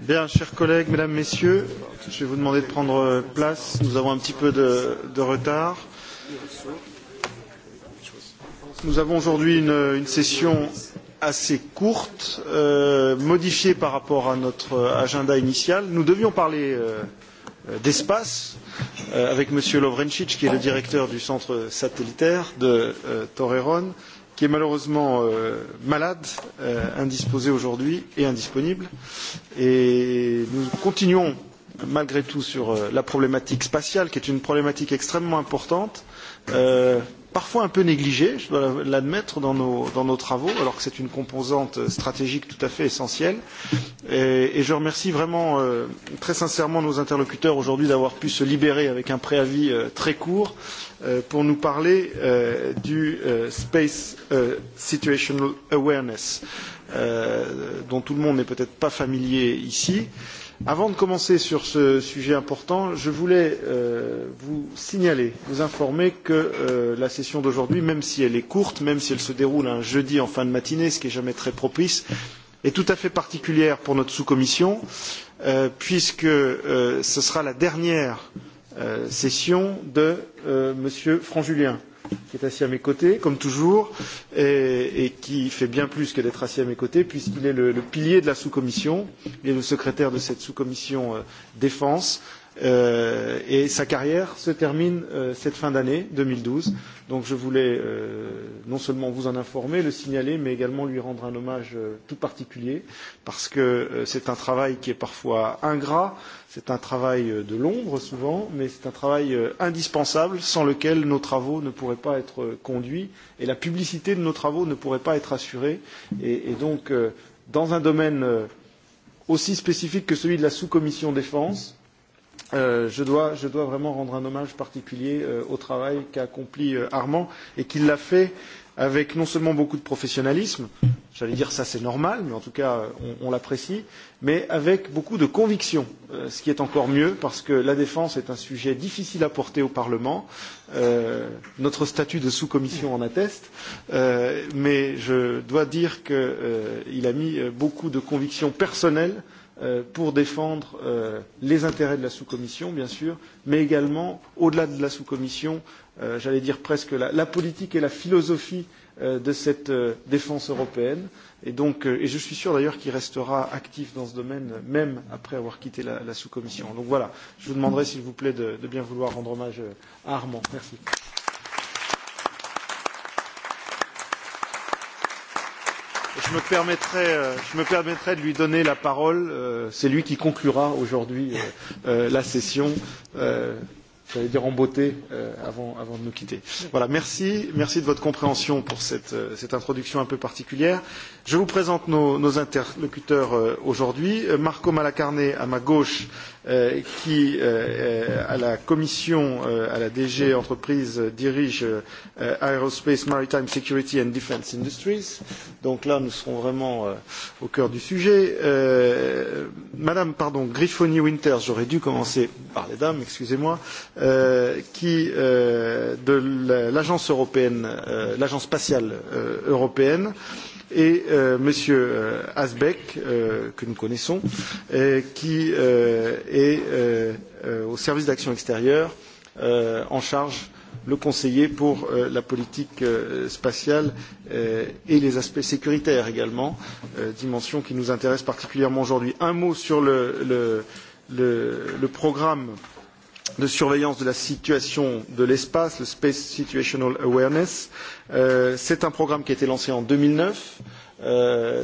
Bien, chers collègues, mesdames, messieurs, je vais vous demander de prendre place. Nous avons un petit peu de, retard. Nous avons aujourd'hui une, session assez courte, modifiée par rapport à notre agenda initial. Nous devions parler d'espace avec M. Lovrencic, qui est le directeur du centre satellitaire de Torreón qui est malheureusement malade, indisposé aujourd'hui et indisponible. Et nous continuons malgré tout sur la problématique spatiale, qui est une problématique extrêmement importante. Euh, parfois un peu négligé, je dois l'admettre, dans nos, dans nos travaux, alors que c'est une composante stratégique tout à fait essentielle. Et, et je remercie vraiment euh, très sincèrement nos interlocuteurs aujourd'hui d'avoir pu se libérer avec un préavis euh, très court euh, pour nous parler euh, du euh, Space euh, Situational Awareness, euh, dont tout le monde n'est peut-être pas familier ici. Euh, Avant de commencer sur ce sujet important, je voulais vous signaler, vous informer que la session d'aujourd'hui, même si elle est courte, même si elle se déroule un jeudi en fin de matinée, ce qui n'est jamais très propice, est tout à fait particulière pour notre sous-commission, puisque ce sera la dernière session de M. Franjulien qui est assis à mes côtés, comme toujours, et, et qui fait bien plus que d'être assis à mes côtés, puisqu'il est le, le pilier de la sous-commission, il est le secrétaire de cette sous-commission euh, défense, et sa carrière se termine cette fin d'année deux mille douze. Donc je voulais non seulement vous en informer, le signaler, mais également lui rendre un hommage tout particulier parce que c'est un travail qui est parfois ingrat, c'est un travail de l'ombre souvent, mais c'est un travail indispensable sans lequel nos travaux ne pourraient pas être conduits et la publicité de nos travaux ne pourrait pas être assurée. Et, donc dans un domaine aussi spécifique que celui de la sous-commission défense, je dois, vraiment rendre un hommage particulier au travail qu'a accompli Armand et qu'il l'a fait avec non seulement beaucoup de professionnalisme, j'allais dire ça c'est normal, mais en tout cas on, l'apprécie, mais avec beaucoup de conviction, ce qui est encore mieux parce que la défense est un sujet difficile à porter au Parlement, notre statut de sous-commission en atteste, mais je dois dire qu'il a mis beaucoup de conviction personnelle pour défendre les intérêts de la sous-commission, bien sûr, mais également, au-delà de la sous-commission, j'allais dire presque la, politique et la philosophie de cette défense européenne. Et, donc, et je suis sûr d'ailleurs qu'il restera actif dans ce domaine, même après avoir quitté la, sous-commission. Donc voilà, je vous demanderai, s'il vous plaît, de, bien vouloir rendre hommage à Armand. Merci. Je me, permettrai, de lui donner la parole. C'est lui qui conclura aujourd'hui la session. J'allais dire en beauté avant, de nous quitter. Voilà, merci, merci de votre compréhension pour cette, introduction un peu particulière. Je vous présente nos, interlocuteurs aujourd'hui. Marco Malacarné à ma gauche, qui, à la commission, à la DG Entreprise, dirige Aerospace, Maritime Security and Defence Industries. Donc là, nous serons vraiment au cœur du sujet. Madame, pardon, Griffoni Winters, j'aurais dû commencer par les dames, excusez-moi, qui, de l'agence européenne, l'agence spatiale européenne, euh, et M. Asbeck, que nous connaissons, qui est au service d'action extérieure en charge le conseiller pour la politique spatiale et les aspects sécuritaires également, dimension qui nous intéresse particulièrement aujourd'hui. Un mot sur le, programme euh, de surveillance de la situation de l'espace, le Space Situational Awareness. c'est un programme qui a été lancé en deux mille neuf.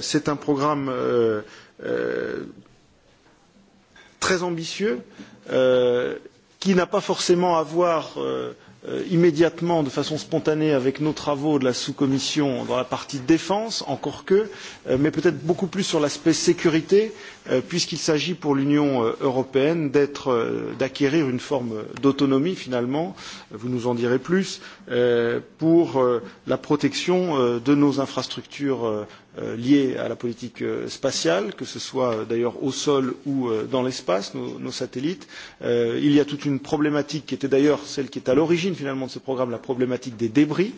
c'est un programme très ambitieux qui n'a pas forcément à voir immédiatement, de façon spontanée, avec nos travaux de la sous-commission dans la partie défense, encore que, mais peut-être beaucoup plus sur l'aspect sécurité, puisqu'il s'agit pour l'Union européenne d'acquérir une forme d'autonomie, finalement, vous nous en direz plus, pour la protection de nos infrastructures liées à la politique spatiale, que ce soit d'ailleurs au sol ou dans l'espace, nos, satellites. il y a toute une problématique qui était d'ailleurs celle qui est à l'origine finalement de ce programme, la problématique des débris,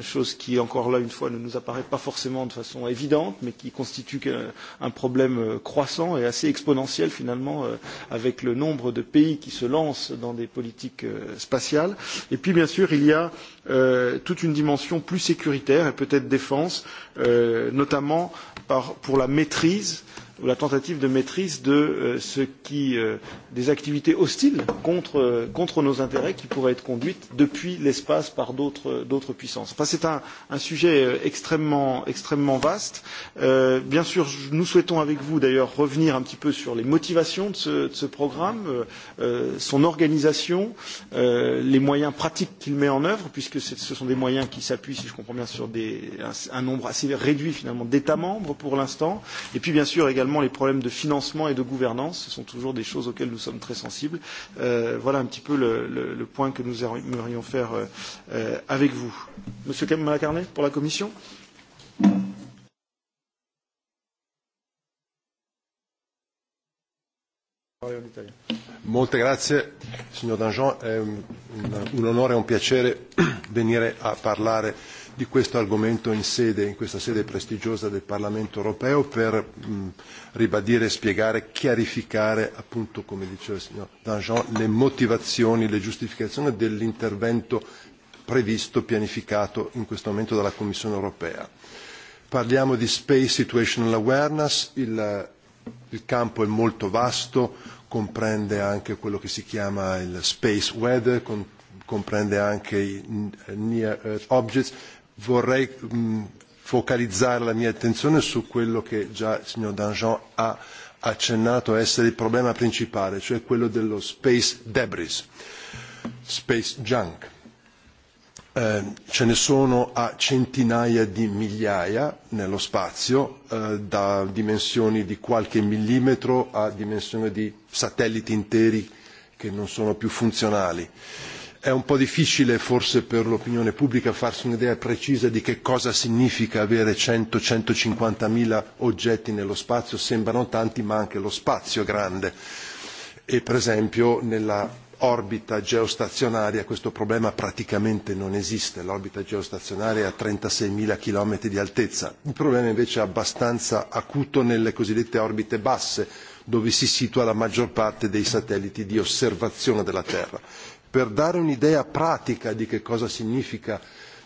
chose qui encore là une fois ne nous apparaît pas forcément de façon évidente, mais qui constitue un problème croissant et assez exponentiel finalement avec le nombre de pays qui se lancent dans des politiques spatiales. Et puis bien sûr, il y a toute une dimension plus sécuritaire et peut-être défense notamment pour la maîtrise ou la tentative de maîtrise de ce qui des activités hostiles contre, contre nos intérêts qui pourraient être conduites depuis l'espace par d'autres puissances. Enfin, c'est un, un sujet extrêmement, extrêmement vaste. Euh, bien sûr, nous souhaitons avec vous d'ailleurs revenir un petit peu sur les motivations de ce, de ce programme, euh, son organisation, euh, les moyens pratiques qu'il met en œuvre, puisque ce sont des moyens qui s'appuient, si je comprends bien, sur des, un, un nombre assez réduit finalement d'États membres pour l'instant, et puis bien sûr également également les problèmes de financement et de gouvernance. Ce sont toujours des choses auxquelles nous sommes très sensibles. Euh, voilà un petit peu le, le, le point que nous aimerions faire euh, avec vous. Monsieur Malacarné, pour la Commission Molte grazie signor Danjean, è un, un onore e un piacere venire a parlare di questo argomento in, sede, in questa sede prestigiosa del Parlamento europeo per mh, ribadire, spiegare, chiarificare appunto, come diceva il signor Danjean, le motivazioni, le giustificazioni dell'intervento previsto, pianificato in questo momento dalla Commissione europea. Parliamo di Space Situational Awareness, il, il campo è molto vasto, comprende anche quello che si chiama il Space Weather, comprende anche i Near Earth Objects, vorrei focalizzare la mia attenzione su quello che già il signor Danjean ha accennato essere il problema principale, cioè quello dello space debris, space junk. ce ne sono a centinaia di migliaia nello spazio, da dimensioni di qualche millimetro a dimensioni di satelliti interi che non sono più funzionali È un po' difficile forse per l'opinione pubblica farsi un'idea precisa di che cosa significa avere cento 150 mila oggetti nello spazio, sembrano tanti ma anche lo spazio è grande e per esempio nella orbita geostazionaria questo problema praticamente non esiste, l'orbita geostazionaria è a 36 mila chilometri di altezza, il problema invece è abbastanza acuto nelle cosiddette orbite basse dove si situa la maggior parte dei satelliti di osservazione della Terra per dare un'idea pratica di che cosa significa,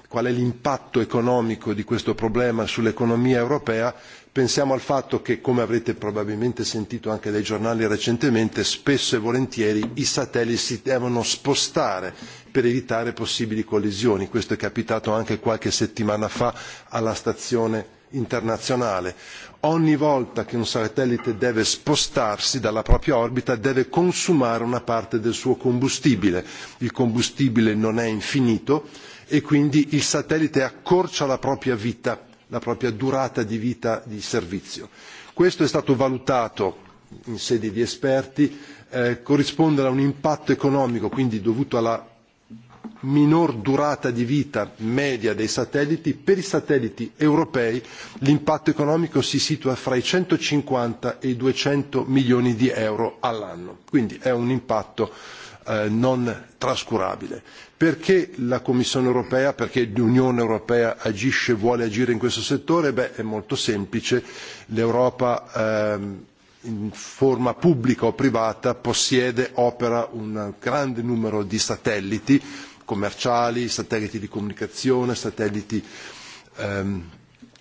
qual è l'impatto economico di questo problema sull'economia europea, pensiamo al fatto che, come avrete probabilmente sentito anche dai giornali recentemente, spesso e volentieri i satelliti si devono spostare per evitare possibili collisioni. Questo è capitato anche qualche settimana fa alla stazione internazionale. Ogni volta che un satellite deve spostarsi dalla propria orbita deve consumare una parte del suo combustibile. Il combustibile non è infinito e quindi il satellite accorcia la propria vita, la propria durata di vita di servizio. Questo è stato valutato in sede di esperti, corrisponde a un impatto economico, quindi dovuto alla minor durata di vita media dei satelliti, per i satelliti europei l'impatto economico si situa fra i 150 e i 200 milioni di euro all'anno, quindi è un impatto non trascurabile. Perché la Commissione europea, perché l'Unione europea agisce e vuole agire in questo settore? Beh, è molto semplice. L'Europa in forma pubblica o privata possiede, opera un grande numero di satelliti commerciali, satelliti di comunicazione, satelliti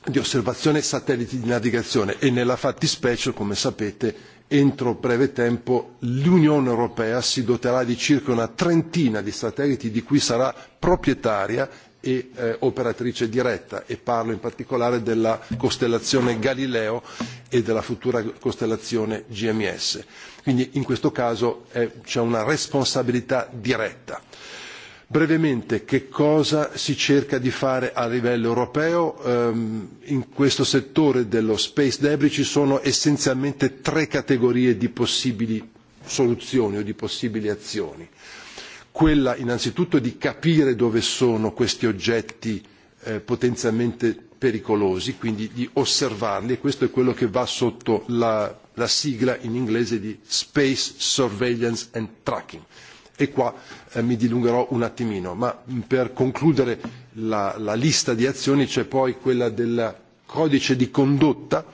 di osservazione e satelliti di navigazione e nella fattispecie, come sapete, entro breve tempo l'Unione Europea si doterà di circa una trentina di satelliti di cui sarà proprietaria e operatrice diretta e parlo in particolare della costellazione Galileo e della futura costellazione GMS. Quindi in questo caso c'è una responsabilità diretta. Brevemente, che cosa si cerca di fare a livello europeo? in questo settore dello space debris ci sono essenzialmente tre categorie di possibili soluzioni o di possibili azioni quella innanzitutto di capire dove sono questi oggetti potenzialmente pericolosi, quindi di osservarli e questo è quello che va sotto la, sigla in inglese di Space Surveillance and Tracking. E qua mi dilungherò un attimino, ma per concludere la lista di azioni c'è poi quella del codice di condotta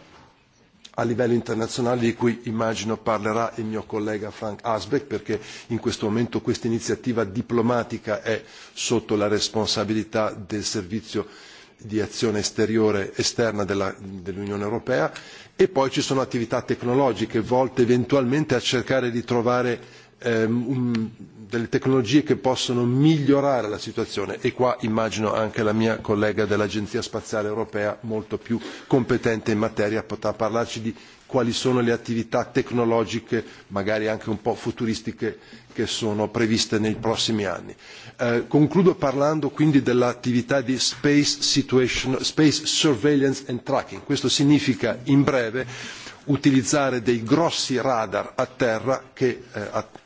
a livello internazionale di cui immagino parlerà il mio collega Frank Asbeck perché in questo momento questa iniziativa diplomatica è sotto la responsabilità del servizio di azione esteriore esterna dell'Unione Europea e poi ci sono attività tecnologiche volte eventualmente a cercare di trovare delle tecnologie che possono migliorare la situazione e qua immagino anche la mia collega dell'Agenzia Spaziale Europea molto più competente in materia potrà parlarci di quali sono le attività tecnologiche, magari anche un po' futuristiche, che sono previste nei prossimi anni. concludo parlando quindi dell'attività di space, situation, space Surveillance and Tracking. Questo significa, in breve, utilizzare dei grossi radar a terra che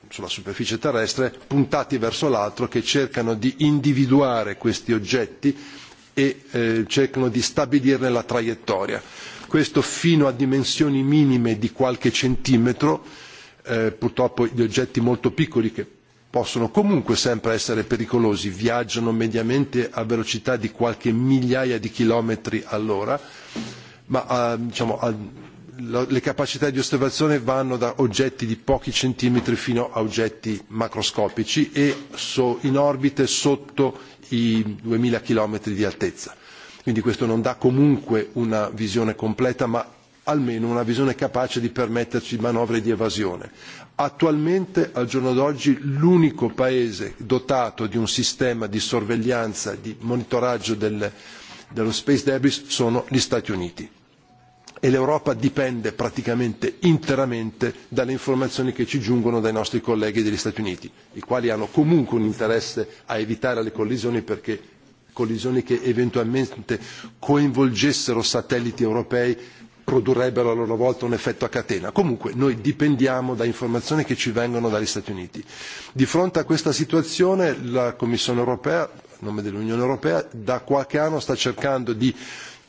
sulla superficie terrestre puntati verso l'altro che cercano di individuare questi oggetti e cercano di stabilirne la traiettoria. Questo fino a dimensioni minime di qualche centimetro, purtroppo gli oggetti molto piccoli che possono comunque sempre essere pericolosi, viaggiano mediamente a velocità di qualche migliaia di chilometri all'ora, ma diciamo, le capacità di osservazione vanno da oggetti di pochi centimetri fino a oggetti macroscopici e in orbite sotto i duemila chilometri di altezza. Quindi questo non dà comunque una visione completa, ma almeno una visione capace di permetterci manovre di evasione. Attualmente, al giorno d'oggi, l'unico paese dotato di un sistema di sorveglianza, di monitoraggio dello space debris sono gli Stati Uniti e l'Europa dipende praticamente interamente dalle informazioni che ci giungono dai nostri colleghi degli Stati Uniti, i quali hanno comunque un interesse a evitare le collisioni perché collisioni che eventualmente coinvolgessero satelliti europei produrrebbero a loro volta un effetto a catena. Comunque noi dipendiamo da informazioni che ci vengono dagli Stati Uniti. Di fronte a questa situazione la Commissione europea, a nome dell'Unione europea, da qualche anno sta cercando di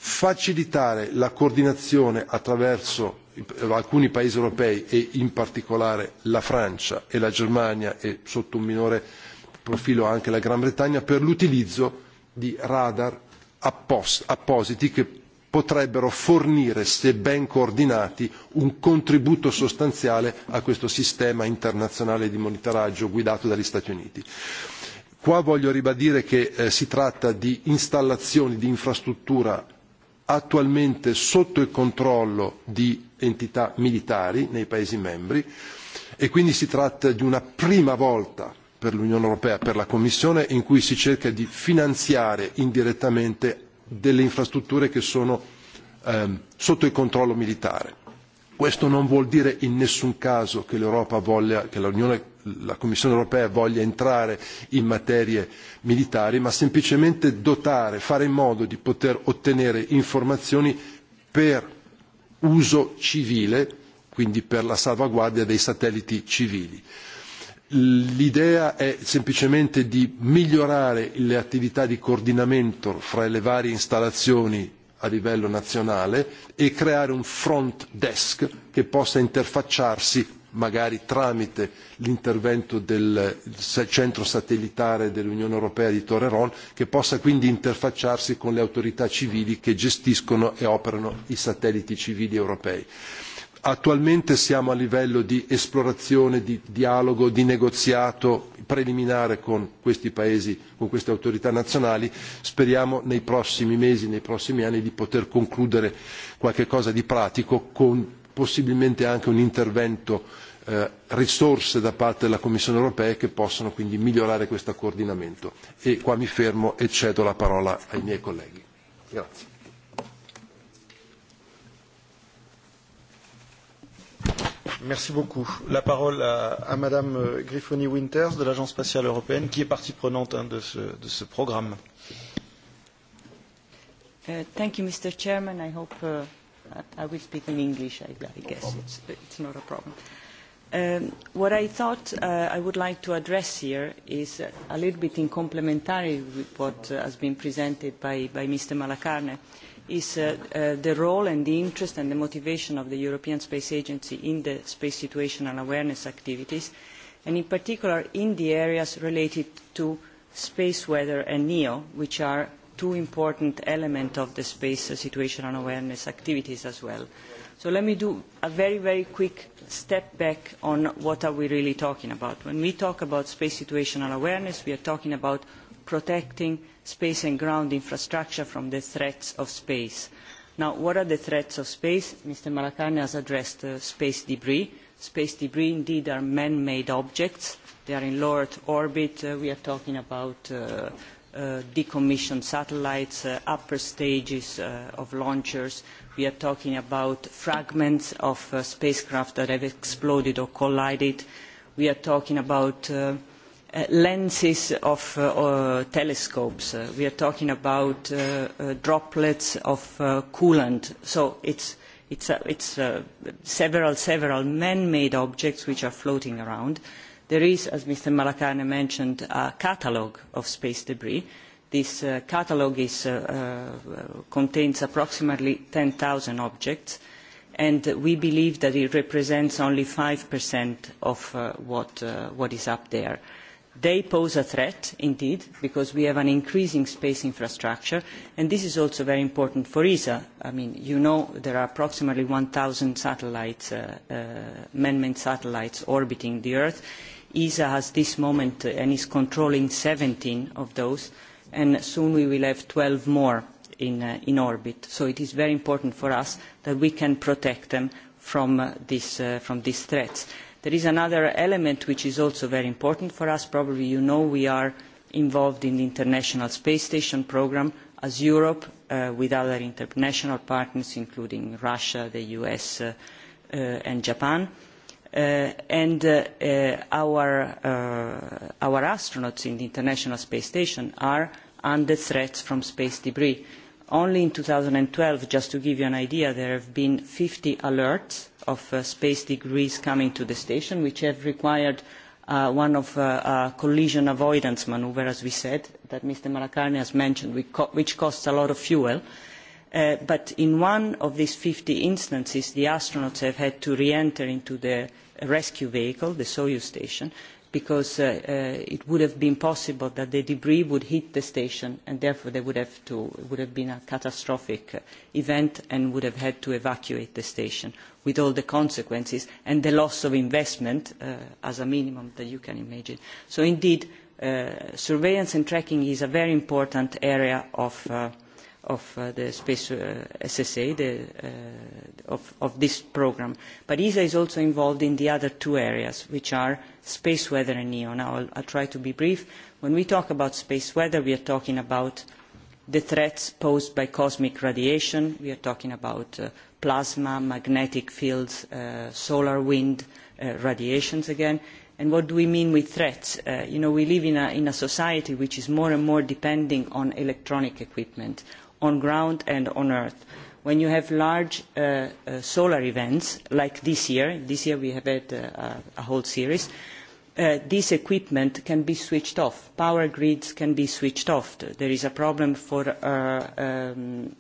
facilitare la coordinazione attraverso alcuni paesi europei e in particolare la Francia e la Germania e sotto un minore profilo anche la Gran Bretagna per l'utilizzo di radar appositi che potrebbero fornire, se ben coordinati, un contributo sostanziale a questo sistema internazionale di monitoraggio guidato dagli Stati Uniti. Qua voglio ribadire che si tratta di installazioni di infrastruttura attualmente sotto il controllo di entità militari nei Paesi membri e quindi si tratta di una prima volta per l'Unione Europea, per la Commissione, in cui si cerca di finanziare indirettamente delle infrastrutture che sono sotto il controllo militare. Questo non vuol dire in nessun caso che l'Europa voglia, che l'Unione la Commissione europea voglia entrare in materie militari, ma semplicemente dotare, fare in modo di poter ottenere informazioni per uso civile, quindi per la salvaguardia dei satelliti civili. L'idea è semplicemente di migliorare le attività di coordinamento fra le varie installazioni a livello nazionale e creare un front desk che possa interfacciarsi magari tramite l'intervento del centro satellitare dell'Unione Europea di Torreron, che possa quindi interfacciarsi con le autorità civili che gestiscono e operano i satelliti civili europei. Attualmente siamo a livello di esplorazione, di dialogo, di negoziato preliminare con questi paesi, con queste autorità nazionali. Speriamo nei prossimi mesi, nei prossimi anni di poter concludere qualche cosa di pratico con possibilmente anche un intervento risorse da parte della Commissione europea che possano quindi migliorare questo coordinamento. E qua mi fermo e cedo la parola ai miei colleghi. Grazie. Merci beaucoup. La parole à, à Madame Griffoni-Winters de l'Agence spatiale européenne, qui est partie prenante hein, de, ce, de ce programme. Uh, thank you, Mr. Chairman. I hope uh, I will speak in English, I, I guess it's, it's not a problem. Um, what I thought uh, I would like to address here is a little bit in complementary with what uh, has been presented by, by Mr. Malacarne, is uh, uh, the role and the interest and the motivation of the European Space Agency in the space situational awareness activities, and in particular in the areas related to space weather and NEO, which are two important elements of the space situational awareness activities as well. So let me do a very, very quick step back on what are we really talking about. When we talk about space situational awareness, we are talking about protecting space and ground infrastructure from the threats of space. Now, what are the threats of space? Mr. Malakarne has addressed space debris. Space debris, indeed, are man-made objects. They are in low Earth orbit. we are talking about decommissioned satellites, upper stages of launchers. We are talking about fragments of spacecraft that have exploded or collided. We are talking about lenses of telescopes. we are talking about droplets of coolant. So it's, it's, it's several, several man-made objects which are floating around. Uh, there is, as Mr. Malakane mentioned, a catalogue of space debris. This catalogue contains approximately ten 10,000 objects, and we believe that it represents only 5% of what, is up there. They pose a threat, indeed, because we have an increasing space infrastructure, and this is also very important for ESA. I mean, you know there are approximately 1,000 satellites, uh, uh, man-made satellites orbiting the Earth, ESA has this moment and is controlling seventeen of those, and soon we will have twelve more in, orbit. So it is very important for us that we can protect them from, these threats. There is another element which is also very important for us. Probably you know we are involved in the International Space Station programme as Europe with other international partners including Russia, the US and Japan and our astronauts in the International Space Station are under threat from space debris. Only in twelve, just to give you an idea, there have been fifty alerts of space debris coming to the station, which have required one of uh, collision avoidance manoeuvre, as we said, that Mr. Malacarne has mentioned, which costs a lot of fuel. Uh, but in one of these fifty instances, the astronauts have had to re-enter into the rescue vehicle, the Soyuz station, because it would have been possible that the debris would hit the station and therefore there would have, to, would have been a catastrophic event and would have had to evacuate the station with all the consequences and the loss of investment as a minimum that you can imagine. So indeed, surveillance and tracking is a very important area of of the space SSA of, this programme. But ESA is also involved in the other two areas, which are space weather and NEO. Now, I'll, I'll try to be brief. When we talk about space weather, we are talking about the threats posed by cosmic radiation. We are talking about plasma, magnetic fields, solar wind radiations again. And what do we mean with threats? you know, we live in a, in a society which is more and more depending on electronic equipment, on the ground and on earth. When you have large solar events like this year, this year we have had a whole series, this equipment can be switched off. Power grids can be switched off. There is a problem for the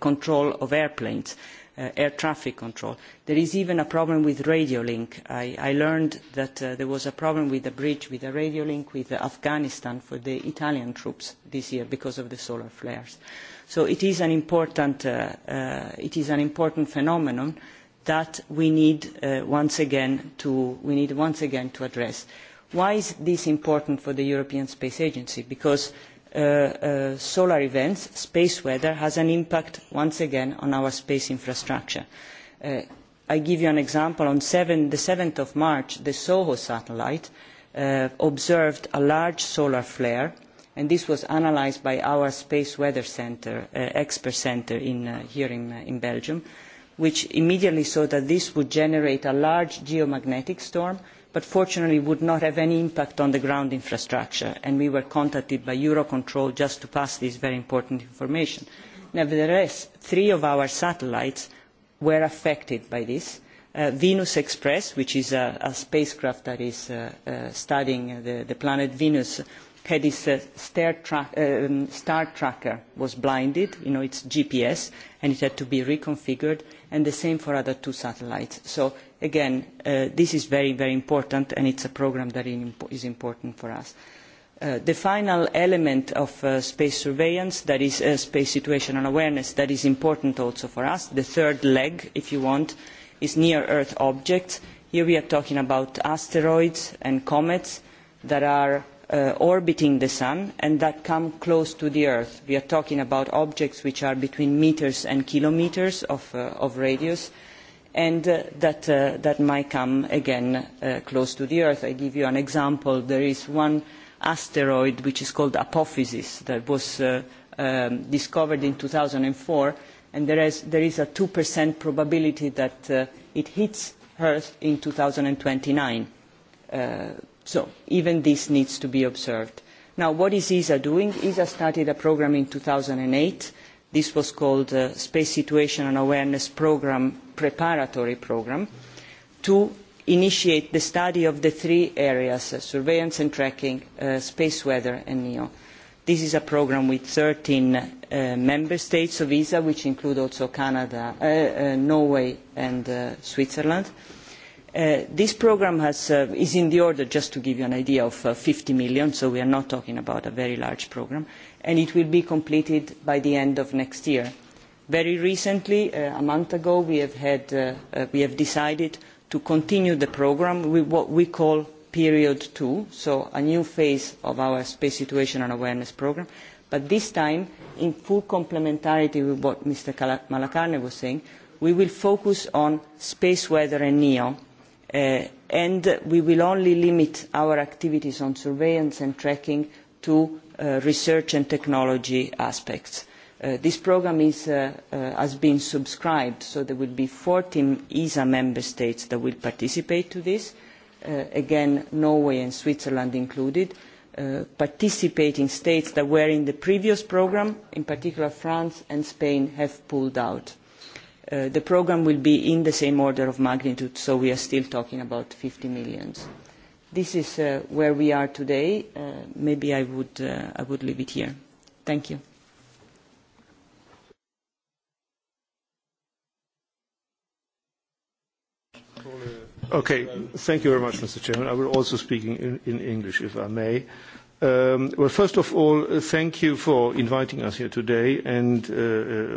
control of airplanes air traffic control. There is even a problem with radio link. I, I learned that there was a problem with the bridge, with the radio link with Afghanistan for the Italian troops this year because of the solar flares. So it is an important, it is an important phenomenon that we need, once again to, we need once again to address. Why is this important for the European Space Agency? Because solar events, space weather has an impact once again on our space infrastructure. I give you an example. On seven the of March, the SOHO satellite observed a large solar flare, and this was analysed by our Space Weather Centre, expert centre here in, Belgium, which immediately saw that this would generate a large geomagnetic storm but fortunately would not have any impact on the ground infrastructure and we were contacted by eurocontrol just to pass this very important information. nevertheless three of our satellites were affected by this venus express which is a spacecraft that is studying the planet venus had its star tracker was blinded you know its gps and it had to be reconfigured and the same for the other two satellites so again, this is very, very important, and it is a programme that is important for us. the final element of space surveillance, that is space situational awareness, that is important also for us. The third leg, if you want, is near-Earth objects. Here we are talking about asteroids and comets that are orbiting the Sun and that come close to the Earth. We are talking about objects which are between metres and kilometres of radius, and that, might come again close to the Earth. I give you an example. There is one asteroid which is called Apophysis that was discovered in two thousand four and there is, there is a 2% probability that it hits Earth in two thousand twenty nine. so even this needs to be observed. Now, what is ESA doing? ESA started a programme in two thousand eight This was called the Space Situation and Awareness Programme, preparatory programme, to initiate the study of the three areas, surveillance and tracking, space weather and NEO. This is a programme with thirteen member states of ESA, which include also Canada, Norway and Switzerland this programme is in the order, just to give you an idea, of EUR fifty million, so we are not talking about a very large programme, and it will be completed by the end of next year. Very recently, a month ago, we have, had we have decided to continue the programme with what we call Period two, so a new phase of our space situation and awareness programme, but this time in full complementarity with what Mr. Malacarne was saying, we will focus on space weather and NEO, and we will only limit our activities on surveillance and tracking to research and technology aspects. this programme has been subscribed, so there will be fourteen ESA member states that will participate in this, again, Norway and Switzerland included, participating states that were in the previous programme, in particular France and Spain, have pulled out the programme will be in the same order of magnitude, so we are still talking about 50 million. This is where we are today. Maybe I would leave it here. Thank you. Okay. Thank you very much, Mr. Chairman. I will also speak in English, if I may well, first of all, thank you for inviting us here today and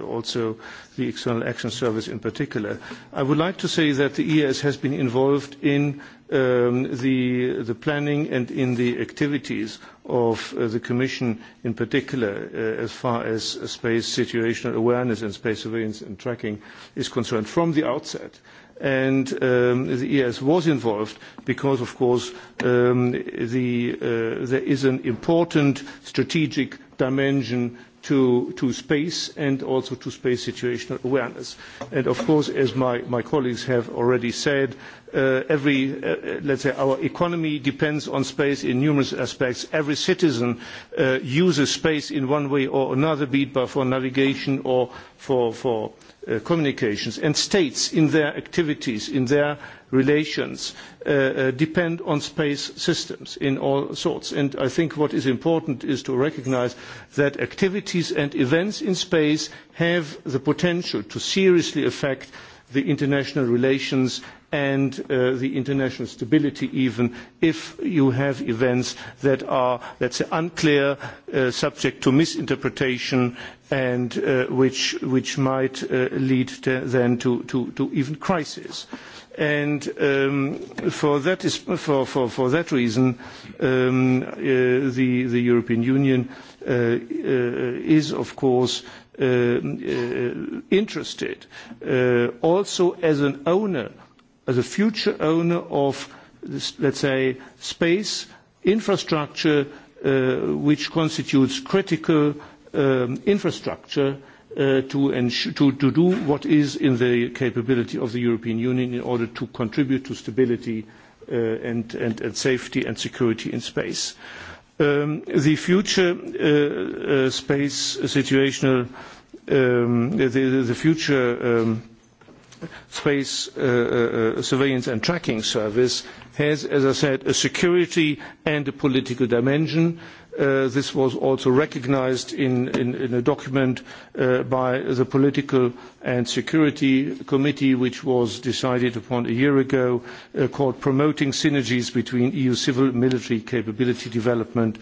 also the External Action Service in particular. I would like to say that the EAS has been involved in the planning and in the activities of the Commission in particular as far as space situational awareness and space surveillance and tracking is concerned from the outset and the ES was involved because, of course, there is an important strategic dimension to, space and also to space situational awareness. And of course, as my, colleagues have already said, every let's say our economy depends on space in numerous aspects every citizen uses space in one way or another be it for navigation or for communications and states in their activities in their relations depend on space systems in all sorts and i think what is important is to recognise that activities and events in space have the potential to seriously affect the international relations and the international stability even if you have events that are, let's say, unclear, subject to misinterpretation, and which, might lead then to, even crisis. And for, that reason, the, European Union is, of course, interested also as an owner as a future owner of, let's say, space infrastructure which constitutes critical infrastructure to, do what is in the capability of the European Union in order to contribute to stability and, safety and security in space. the future space situational, the, future space surveillance and tracking service has, as I said, a security and a political dimension. this was also recognised in, a document by the Political and Security Committee, which was decided upon a year ago, called Promoting Synergies Between EU Civil and Military Capability Development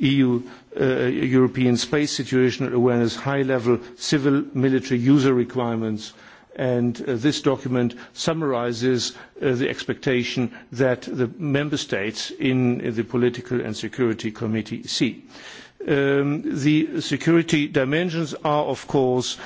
EU European Space Situational Awareness High Level Civil Military User Requirements uh, and this document summarises the expectation that the member states in the political and security committee see. the security dimensions are, of course,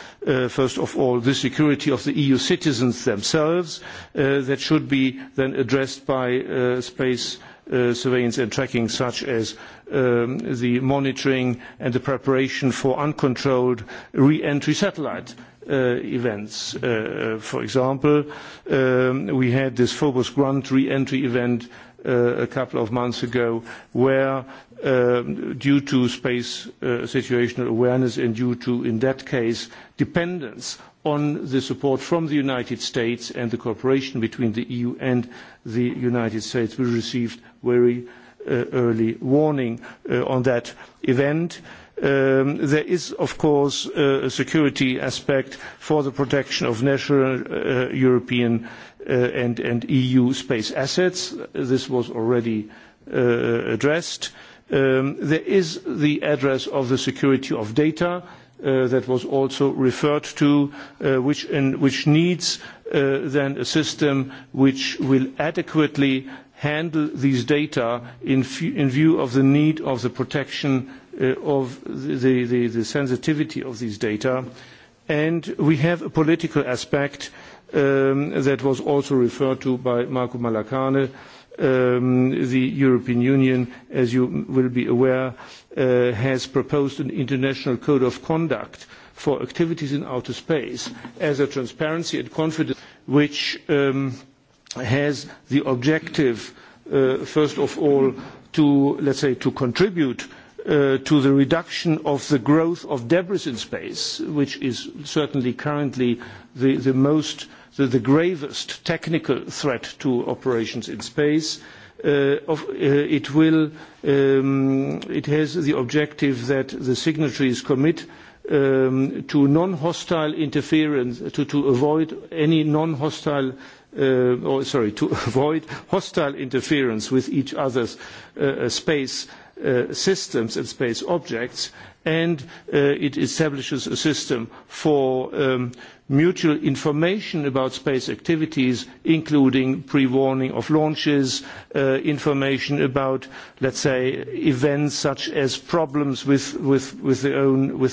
first of all, the security of the EU citizens themselves that should be then addressed by space surveillance and tracking, such as the monitoring and the preparation for uncontrolled re-entry satellites events. for example, we had this Phobos Grunt re-entry event a couple of months ago, where due to space situational awareness and due to, in that case, dependence on the support from the United States and the cooperation between the EU and the United States, we received very early warning on that event there is, of course, a security aspect for the protection of national European and, EU space assets. This was already addressed. there is the address of the security of data that was also referred to, which, needs then a system which will adequately handle these data in, view of the need of the protection of the, the, the sensitivity of these data. And we have a political aspect that was also referred to by Marco Malacane. the European Union, as you will be aware, has proposed an international code of conduct for activities in outer space as a transparency and confidence which has the objective, first of all, to, let's say, to contribute to the reduction of the growth of debris in space, which is certainly currently the, most, the, gravest technical threat to operations in space. it will, it has the objective that the signatories commit to non-hostile interference, to, avoid any non-hostile or sorry, to avoid hostile interference with each other's space systems and space objects and it establishes a system for mutual information about space activities, including pre-warning of launches, information about, let's say, events such as problems with, own,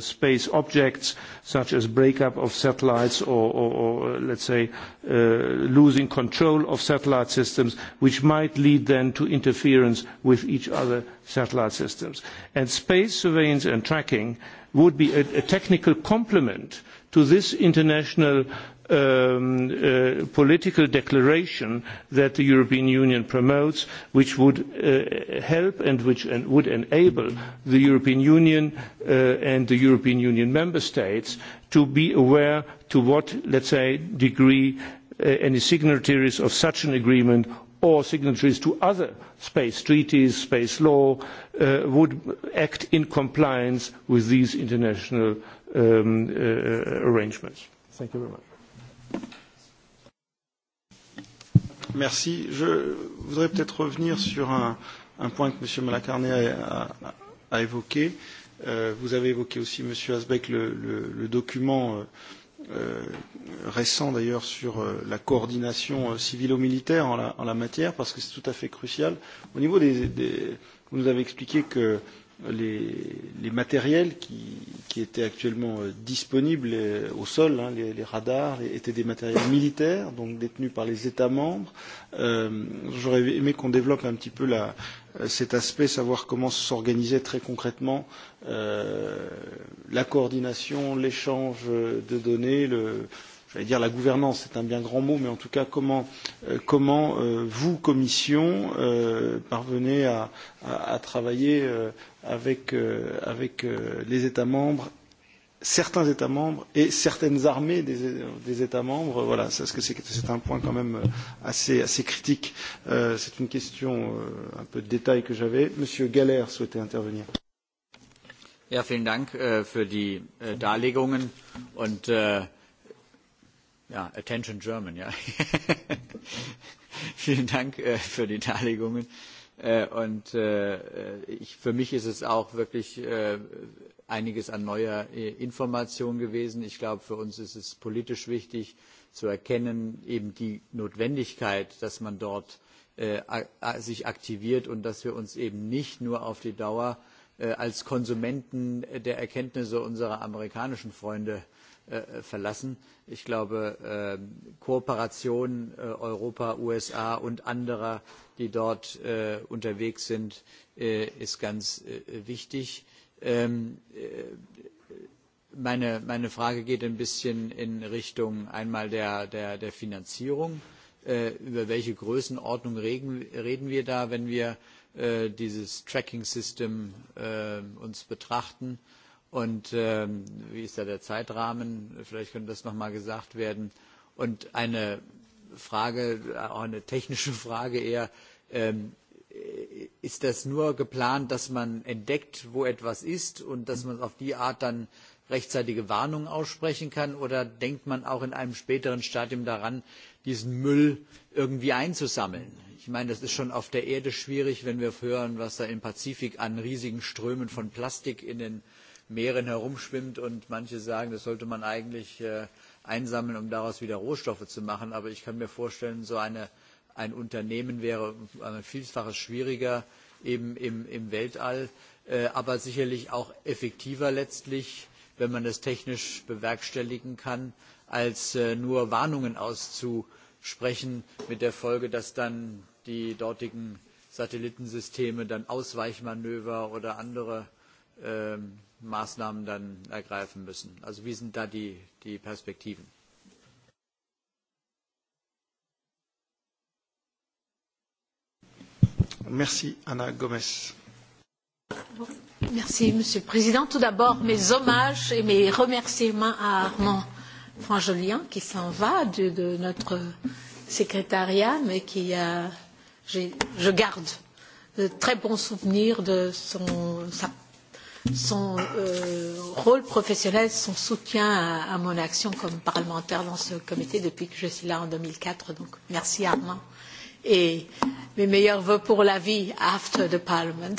space objects, such as breakup of satellites or, or, let's say, losing control of satellite systems, which might lead then to interference with each other satellite systems. And space surveillance and tracking would be a, technical complement to this international political declaration that the European Union promotes, which would help and which would enable the European Union and the European Union member states to be aware to what, let's say, degree any signatories of such an agreement or signatories to other space treaties, space law, would act in compliance with these international arrangements. Thank you very much. Merci. Je voudrais peut-être revenir sur un, point que M. Malacarné a, évoqué. vous avez évoqué aussi, M. Asbeck, le, document euh, récent d'ailleurs sur la coordination civilo-militaire en, la matière, parce que c'est tout à fait crucial. Au niveau des, vous nous avez expliqué que les, les matériels qui, qui étaient actuellement disponibles au sol, hein, les, les radars, étaient des matériels militaires, donc détenus par les États membres. Euh, J'aurais aimé qu'on développe un petit peu la, cet aspect, savoir comment s'organisait très concrètement euh, la coordination, l'échange de données, le, euh, j'allais dire la gouvernance, c'est un bien grand mot, mais en tout cas comment, comment vous, Commission, parvenez à, à, à travailler avec, avec les États membres certains États membres et certaines armées des, États membres. Voilà, que c'est un point quand même assez, assez critique. Euh, c'est une question euh, un peu de détail que j'avais. Monsieur Galère souhaitait intervenir. Ja, vielen Dank äh, für die äh, Darlegungen. Und äh, Ja, Attention German, ja. Vielen Dank äh, für die Darlegungen. Äh, und äh, ich, für mich ist es auch wirklich äh, einiges an neuer Information gewesen. Ich glaube, für uns ist es politisch wichtig zu erkennen, eben die Notwendigkeit, dass man dort äh, sich aktiviert und dass wir uns eben nicht nur auf die Dauer als Konsumenten der Erkenntnisse unserer amerikanischen Freunde verlassen. Ich glaube, Kooperation Europa, USA und anderer, die dort unterwegs sind, ist ganz wichtig. Meine Frage geht ein bisschen in Richtung einmal der Finanzierung. Über welche Größenordnung reden wir da, wenn wir dieses Tracking-System betrachten? Und wie ist da der Zeitrahmen? Vielleicht könnte das nochmal gesagt werden. Und eine Frage, auch eine technische Frage eher, ist das nur geplant, dass man entdeckt, wo etwas ist und dass man auf die Art dann rechtzeitige Warnungen aussprechen kann? Oder denkt man auch in einem späteren Stadium daran, diesen Müll irgendwie einzusammeln? Ich meine, das ist schon auf der Erde schwierig, wenn wir hören, was da im Pazifik an riesigen Strömen von Plastik in den Meeren herumschwimmt und manche sagen, das sollte man eigentlich einsammeln, um daraus wieder Rohstoffe zu machen. Aber ich kann mir vorstellen, so ein Unternehmen wäre ein Vielfaches schwieriger eben im, Weltall, aber sicherlich auch effektiver letztlich, wenn man das technisch bewerkstelligen kann, als nur Warnungen auszusprechen, mit der Folge, dass dann die dortigen Satellitensysteme dann Ausweichmanöver oder andere Maßnahmen dann ergreifen müssen. Also wie sind da die, die Perspektiven? Merci, Anna Gomez. Merci, Monsieur le Président. Tout d'abord, mes hommages et mes remerciements à Armand Franjolian, qui s'en va de, de notre secrétariat, mais qui a, je garde de très bons souvenirs de son, sa son euh, rôle professionnel, son soutien à, à mon action comme parlementaire dans ce comité depuis que je suis là en 2004. Donc merci Armand et mes meilleurs voeux pour la vie after the parliament.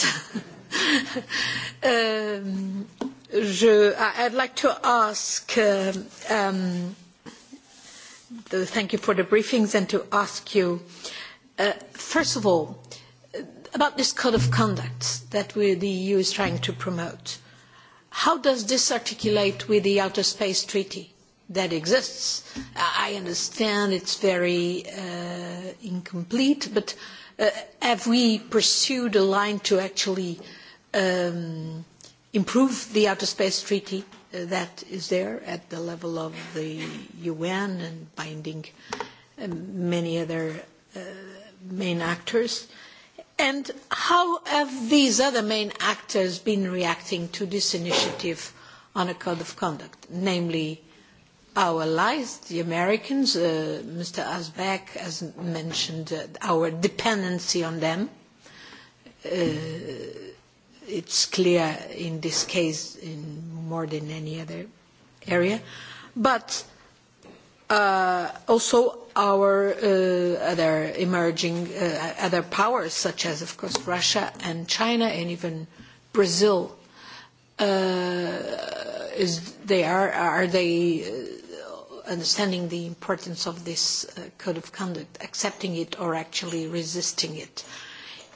je, I'd like to ask, uh, um, the, thank you for the briefings and to ask you, uh, first of all, about this code of conduct that the EU is trying to promote. How does this articulate with the Outer Space Treaty that exists? I understand it's very incomplete, but have we pursued a line to actually improve the Outer Space Treaty that is there at the level of the UN and binding many other main actors? Uh, And how have these other main actors been reacting to this initiative on a code of conduct, namely our allies, the Americans, uh, Mr. Asbeck has mentioned uh, our dependency on them. Uh, it's clear in this case in more than any other area. But also our other emerging other powers such as of course Russia and China and even Brazil is they are are they understanding the importance of this code of conduct accepting it or actually resisting it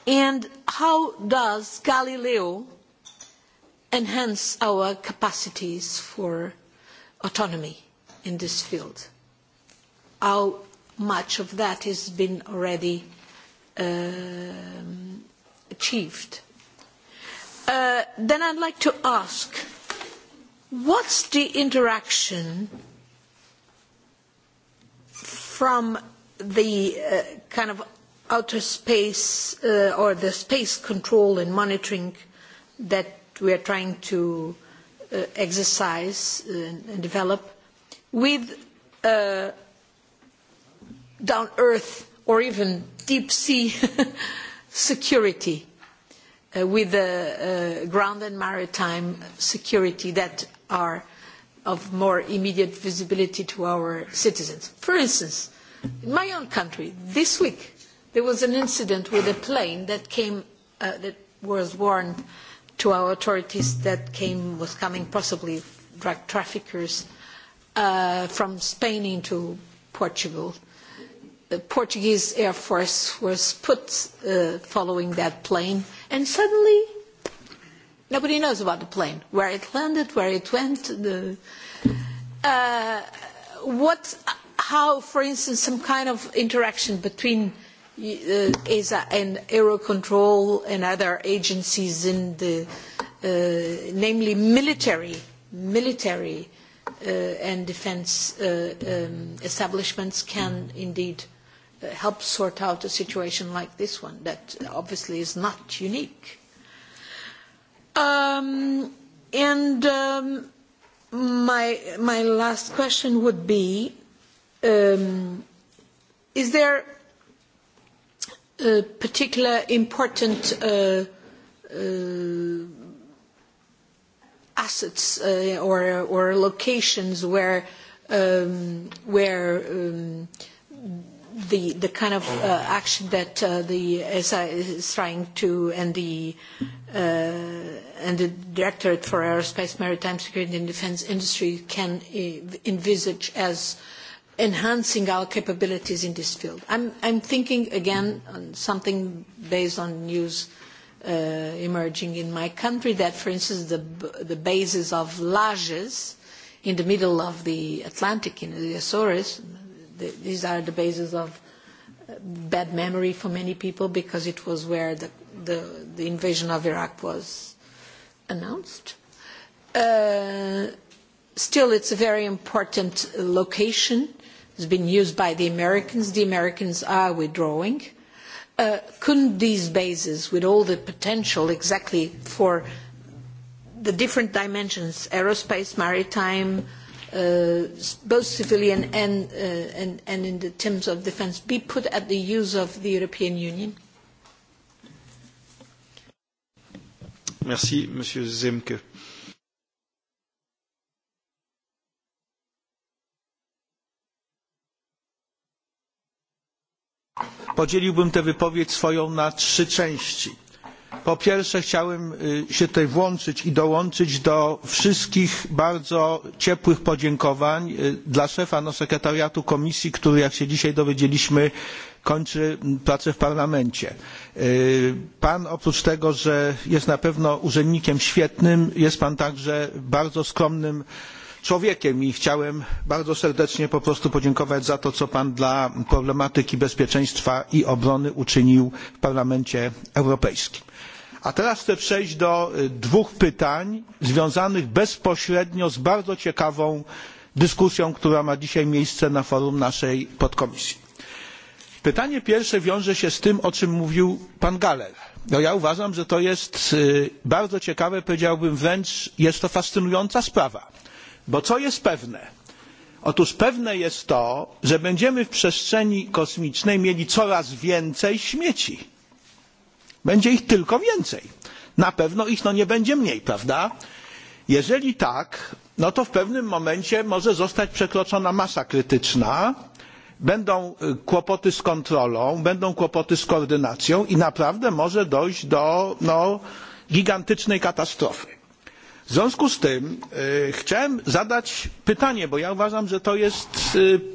and how does Galileo enhance our capacities for autonomy in this field how much of that has been already achieved. Then I'd like to ask, what's the interaction from the kind of outer space or the space control and monitoring that we are trying to exercise and develop with down earth or even deep sea security with the ground and maritime security that are of more immediate visibility to our citizens. For instance, in my own country, this week, there was an incident with a plane that came, uh, that was warned to our authorities that came, was coming possibly drug traffickers uh, from Spain into Portugal Portuguese Air Force was put following that plane, and suddenly nobody knows about the plane, where it landed, where it went. The, uh, what, how, for instance, some kind of interaction between uh, ESA and Eurocontrol and other agencies in the, uh, namely military, military uh, and defense uh, um, establishments can indeed help sort out a situation like this one that obviously is not unique. Um, and um, my, my last question would be, um, is there a particular important uh, uh, assets uh, or, or locations where, um, where um, – the the kind of uh, action that uh, the SI is trying to and the uh, and the Directorate for Aerospace, Maritime Security and Defence Industry can envisage as enhancing our capabilities in this field. I'm I'm thinking again on something based on news uh, emerging in my country that, for instance, the the bases of Lages in the middle of the Atlantic in the Azores these are the basis of bad memory for many people because it was where the, the, the invasion of Iraq was announced. Uh, still, it's a very important location. It's been used by the Americans. The Americans are withdrawing. Uh, couldn't these bases, with all the potential exactly for the different dimensions, aerospace, maritime, uh, both civilian and, and, and in the terms of defence, be put at the use of the European Union? Merci, Monsieur Zemke. Podzieliłbym tę wypowiedź swoją na trzy części Po pierwsze, chciałem się tutaj włączyć i dołączyć do wszystkich bardzo ciepłych podziękowań dla szefa sekretariatu komisji, który, jak się dzisiaj dowiedzieliśmy, kończy pracę w parlamencie. Pan oprócz tego, że jest na pewno urzędnikiem świetnym, jest pan także bardzo skromnym człowiekiem i chciałem bardzo serdecznie po prostu podziękować za to, co pan dla problematyki bezpieczeństwa i obrony uczynił w Parlamencie Europejskim. A teraz chcę przejść do dwóch pytań związanych bezpośrednio z bardzo ciekawą dyskusją, która ma dzisiaj miejsce na forum naszej podkomisji. Pytanie pierwsze wiąże się z tym, o czym mówił pan Galer. ja uważam, że to jest bardzo ciekawe, powiedziałbym wręcz, jest to fascynująca sprawa. Bo co jest pewne? Otóż pewne jest to, że będziemy w przestrzeni kosmicznej mieli coraz więcej śmieci Będzie ich tylko więcej. Na pewno ich no, nie będzie mniej, prawda? Jeżeli tak, no to w pewnym momencie może zostać przekroczona masa krytyczna, będą kłopoty z kontrolą, będą kłopoty z koordynacją i naprawdę może dojść do no, gigantycznej katastrofy. W związku z tym chciałem zadać pytanie, bo ja uważam, że to jest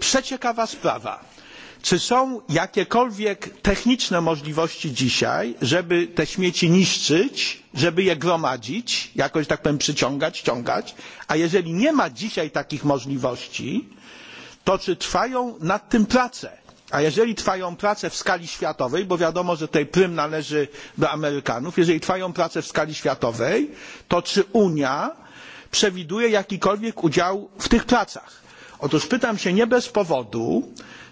przeciekawa sprawa Czy są jakiekolwiek techniczne możliwości dzisiaj, żeby te śmieci niszczyć, żeby je gromadzić, jakoś tak powiem przyciągać, ściągać? A jeżeli nie ma dzisiaj takich możliwości, to czy trwają nad tym prace? A jeżeli trwają prace w skali światowej, bo wiadomo, że tutaj prym należy do Amerykanów, jeżeli trwają prace w skali światowej, to czy Unia przewiduje jakikolwiek udział w tych pracach? Otóż pytam się nie bez powodu,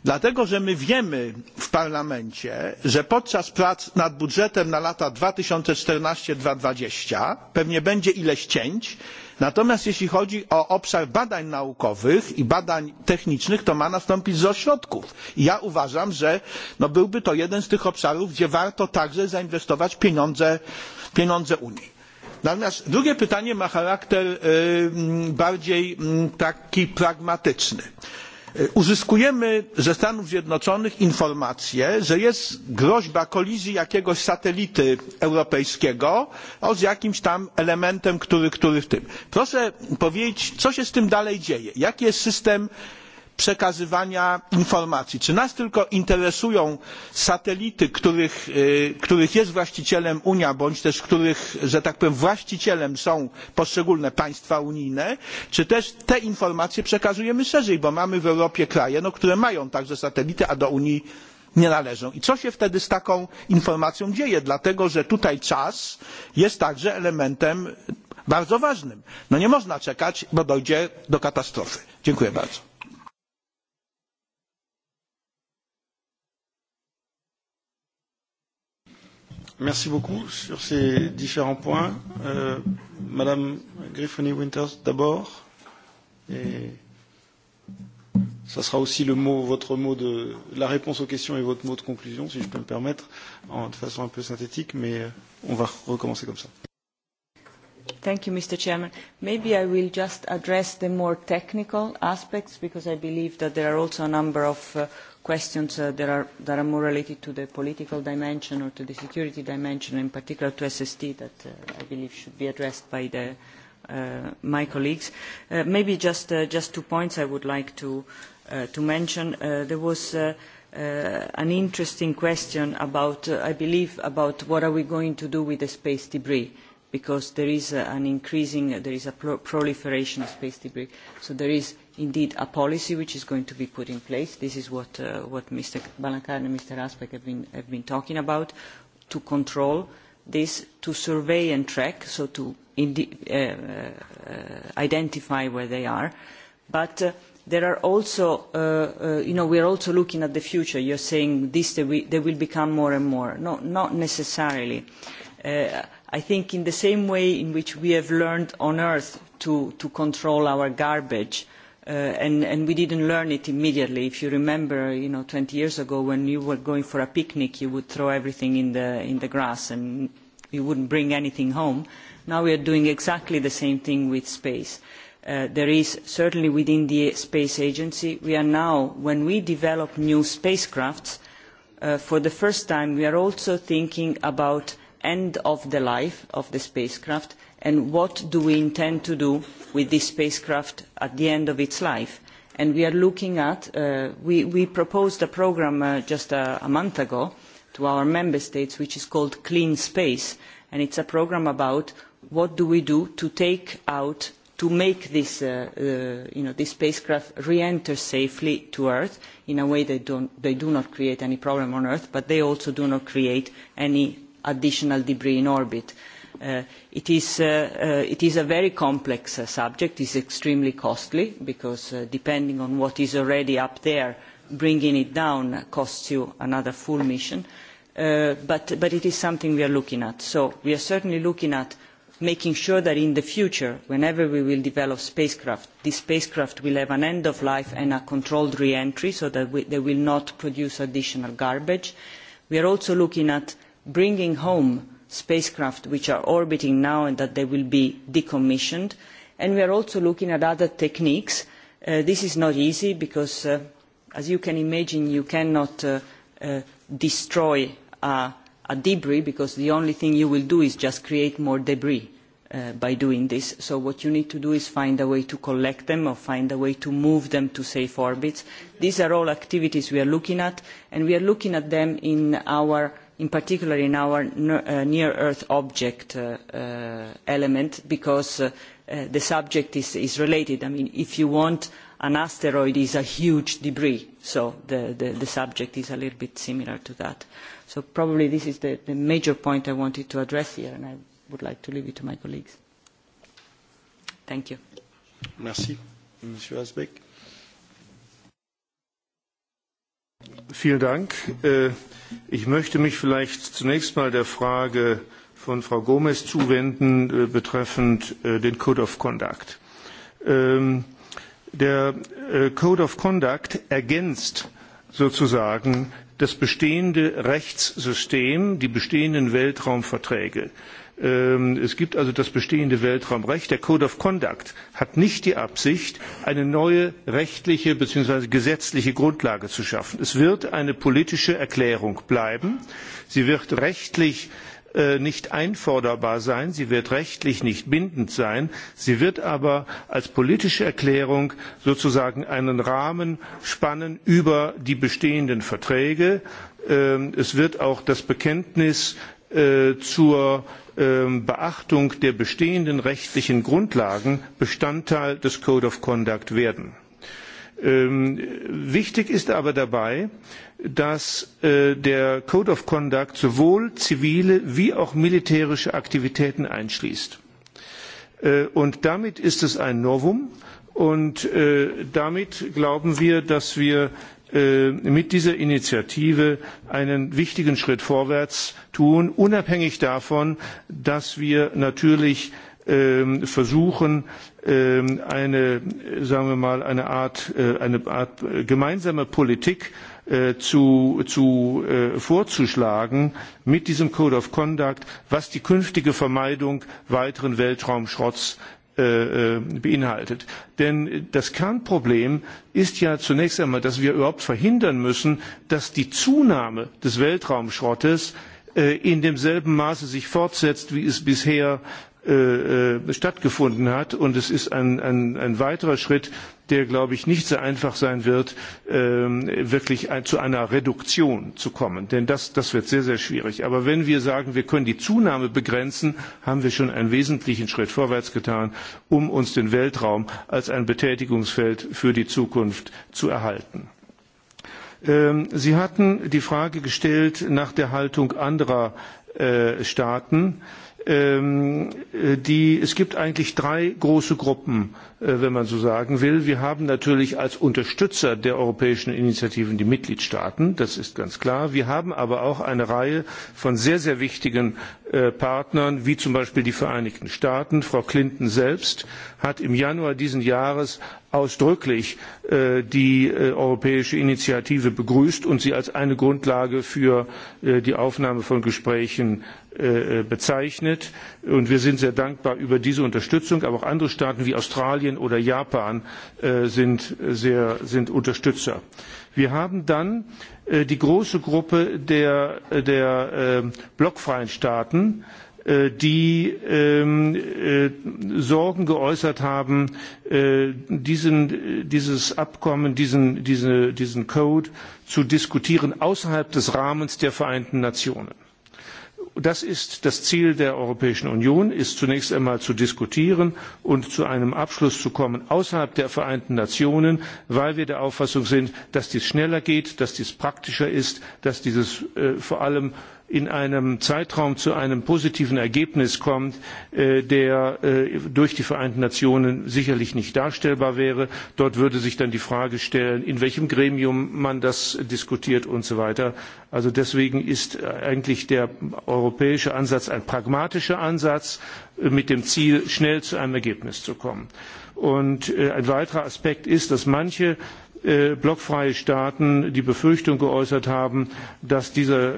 dlatego że my wiemy w Parlamencie, że podczas prac nad budżetem na lata dwa tysiące 2014-2020 pewnie będzie ileś cięć, natomiast jeśli chodzi o obszar badań naukowych i badań technicznych, to ma nastąpić z ośrodków. I ja uważam, że byłby to jeden z tych obszarów, gdzie warto także zainwestować pieniądze Unii. Natomiast drugie pytanie ma charakter bardziej taki pragmatyczny. Uzyskujemy ze Stanów Zjednoczonych informację, że jest groźba kolizji jakiegoś satelity europejskiego z jakimś tam elementem, który, który w tym. Proszę powiedzieć, co się z tym dalej dzieje? Jaki jest system przekazywania informacji. Czy nas tylko interesują satelity, których, jest właścicielem Unia, bądź też których, że tak powiem, właścicielem są poszczególne państwa unijne, czy też te informacje przekazujemy szerzej, bo mamy w Europie kraje, które mają także satelity, a do Unii nie należą. I co się wtedy z taką informacją dzieje? Dlatego, że tutaj czas jest także elementem bardzo ważnym. No nie można czekać, bo dojdzie do katastrofy. Dziękuję bardzo. Merci beaucoup sur ces différents points. Euh, Madame Griffony Winters d'abord, et ça sera aussi le mot, votre mot de la réponse aux questions et votre mot de conclusion, si je peux me permettre, en, de façon un peu synthétique, mais on va recommencer comme ça. Thank you, Mr. Chairman. Maybe I will just address the more technical aspects because I believe that there are also a number of uh, questions uh, that, are, that are more related to the political dimension or to the security dimension, in particular to SST, that uh, I believe should be addressed by the, uh, my colleagues. Uh, maybe just, uh, just two points I would like to, uh, to mention. Uh, there was uh, uh, an interesting question about, uh, I believe, about what are we going to do with the space debris because there is an increasing, there is a proliferation of space debris. So there is indeed a policy which is going to be put in place. This is what, Mr. Balankar and Mr. Aspect have been, talking about, to control this, to survey and track, so to identify where they are. But there are also, you know, we are also looking at the future. You are saying this, they will, become more and more. No, not necessarily. I think in the same way in which we have learned on Earth to, control our garbage, uh, and, we didn't learn it immediately. If you remember, you know, 20 years ago when you were going for a picnic, you would throw everything in the, in the grass and you wouldn't bring anything home. Now we are doing exactly the same thing with space. there is certainly within the space agency, we are now, when we develop new spacecrafts, for the first time we are also thinking about end of the life of the spacecraft and what do we intend to do with this spacecraft at the end of its life. And we are looking at, we, proposed a programme just a, month ago to our member states which is called Clean Space and it's a programme about what do we do to take out to make this, spacecraft re-enter safely to Earth in a way that they do not create any problem on Earth, but they also do not create any additional debris in orbit it, is, a very complex subject. it is extremely costly because depending on what is already up there, bringing it down costs you another full mission. but, it is something we are looking at. So we are certainly looking at making sure that in the future, whenever we will develop spacecraft, these spacecraft will have an end of life and a controlled re-entry so that they will not produce additional garbage. We are also looking at bringing home spacecraft which are orbiting now and that they will be decommissioned. And we are also looking at other techniques. this is not easy because, as you can imagine, you cannot destroy a debris because the only thing you will do is just create more debris by doing this. So what you need to do is find a way to collect them or find a way to move them to safe orbits. These are all activities we are looking at, and we are looking at them in our in particular in our near Earth object element, because the subject is, related. I mean, if you want, an asteroid is a huge debris, so the, the, subject is a little bit similar to that. So probably this is the, major point I wanted to address here, and I would like to leave it to my colleagues. Thank you. Vielen Dank. Ich möchte mich vielleicht zunächst mal der Frage von Frau Gomes zuwenden betreffend den Code of Conduct. Der Code of Conduct ergänzt sozusagen das bestehende Rechtssystem, die bestehenden Weltraumverträge. Es gibt also das bestehende Weltraumrecht. Der Code of Conduct hat nicht die Absicht, eine neue rechtliche bzw. gesetzliche Grundlage zu schaffen. Es wird eine politische Erklärung bleiben. Sie wird rechtlich nicht einforderbar sein, sie wird rechtlich nicht bindend sein, sie wird aber als politische Erklärung sozusagen einen Rahmen spannen über die bestehenden Verträge. Es wird auch das Bekenntnis zur Beachtung der bestehenden rechtlichen Grundlagen Bestandteil des Code of Conduct werden. Wichtig ist aber dabei, dass der Code of Conduct sowohl zivile wie auch militärische Aktivitäten einschließt. Und damit ist es ein Novum und damit glauben wir, dass wir mit dieser Initiative einen wichtigen Schritt vorwärts tun, unabhängig davon, dass wir natürlich versuchen, eine, sagen wir mal, eine Art, eine Art gemeinsame Politik zu, vorzuschlagen mit diesem Code of Conduct, was die künftige Vermeidung weiteren Weltraumschrotts beinhaltet. Denn das Kernproblem ist ja zunächst einmal, dass wir überhaupt verhindern müssen, dass die Zunahme des Weltraumschrottes in demselben Maße sich fortsetzt, wie es bisher stattgefunden hat. Und es ist ein, weiterer Schritt, der, glaube ich, nicht so einfach sein wird, wirklich zu einer Reduktion zu kommen. Denn das, wird sehr, sehr schwierig. Aber wenn wir sagen, wir können die Zunahme begrenzen, haben wir schon einen wesentlichen Schritt vorwärts getan, um uns den Weltraum als ein Betätigungsfeld für die Zukunft zu erhalten. Sie hatten die Frage gestellt nach der Haltung anderer Staaten es gibt eigentlich drei große Gruppen wenn man so sagen will. Wir haben natürlich als Unterstützer der europäischen Initiativen die Mitgliedstaaten, das ist ganz klar. Wir haben aber auch eine Reihe von sehr, sehr wichtigen Partnern, wie zum Beispiel die Vereinigten Staaten. Frau Clinton selbst hat im Januar diesen Jahres ausdrücklich die europäische Initiative begrüßt und sie als eine Grundlage für die Aufnahme von Gesprächen bezeichnet. Und wir sind sehr dankbar über diese Unterstützung, aber auch andere Staaten wie Australien, Italien oder Japan sind, Unterstützer. Wir haben dann die große Gruppe der, blockfreien Staaten, die Sorgen geäußert haben, dieses Abkommen, diesen Code zu diskutieren außerhalb des Rahmens der Vereinten Nationen das ist das Ziel der Europäischen Union, ist zunächst einmal zu diskutieren und zu einem Abschluss zu kommen außerhalb der Vereinten Nationen, weil wir der Auffassung sind, dass dies schneller geht, dass dies praktischer ist, dass dies vor allem in einem Zeitraum zu einem positiven Ergebnis kommt, der durch die Vereinten Nationen sicherlich nicht darstellbar wäre. Dort würde sich dann die Frage stellen, in welchem Gremium man das diskutiert und so weiter. Also deswegen ist eigentlich der europäische Ansatz ein pragmatischer Ansatz mit dem Ziel, schnell zu einem Ergebnis zu kommen. ein weiterer Aspekt ist, dass manche blockfreie Staaten die Befürchtung geäußert haben, dass dieser,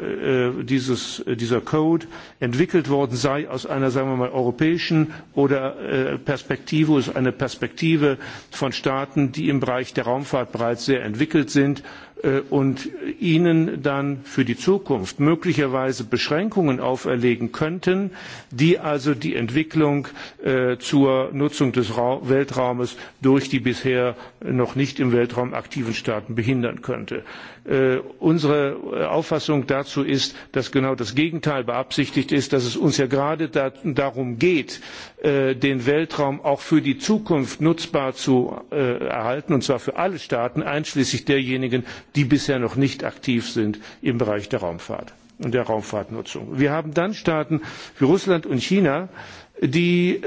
Code entwickelt worden sei aus einer, sagen wir mal, europäischen oder Perspektive, aus einer Perspektive von Staaten, die im Bereich der Raumfahrt bereits sehr entwickelt sind und ihnen dann für die Zukunft möglicherweise Beschränkungen auferlegen könnten, die also die Entwicklung zur Nutzung des Weltraumes durch die bisher noch nicht im Weltraum aktiven Staaten behindern könnte. Unsere Auffassung dazu ist, dass genau das Gegenteil beabsichtigt ist, dass es uns ja gerade darum geht, den Weltraum auch für die Zukunft nutzbar zu erhalten, und zwar für alle Staaten, einschließlich derjenigen, die bisher noch nicht aktiv sind im Bereich der Raumfahrt und der Raumfahrtnutzung. Wir haben dann Staaten wie Russland und China, die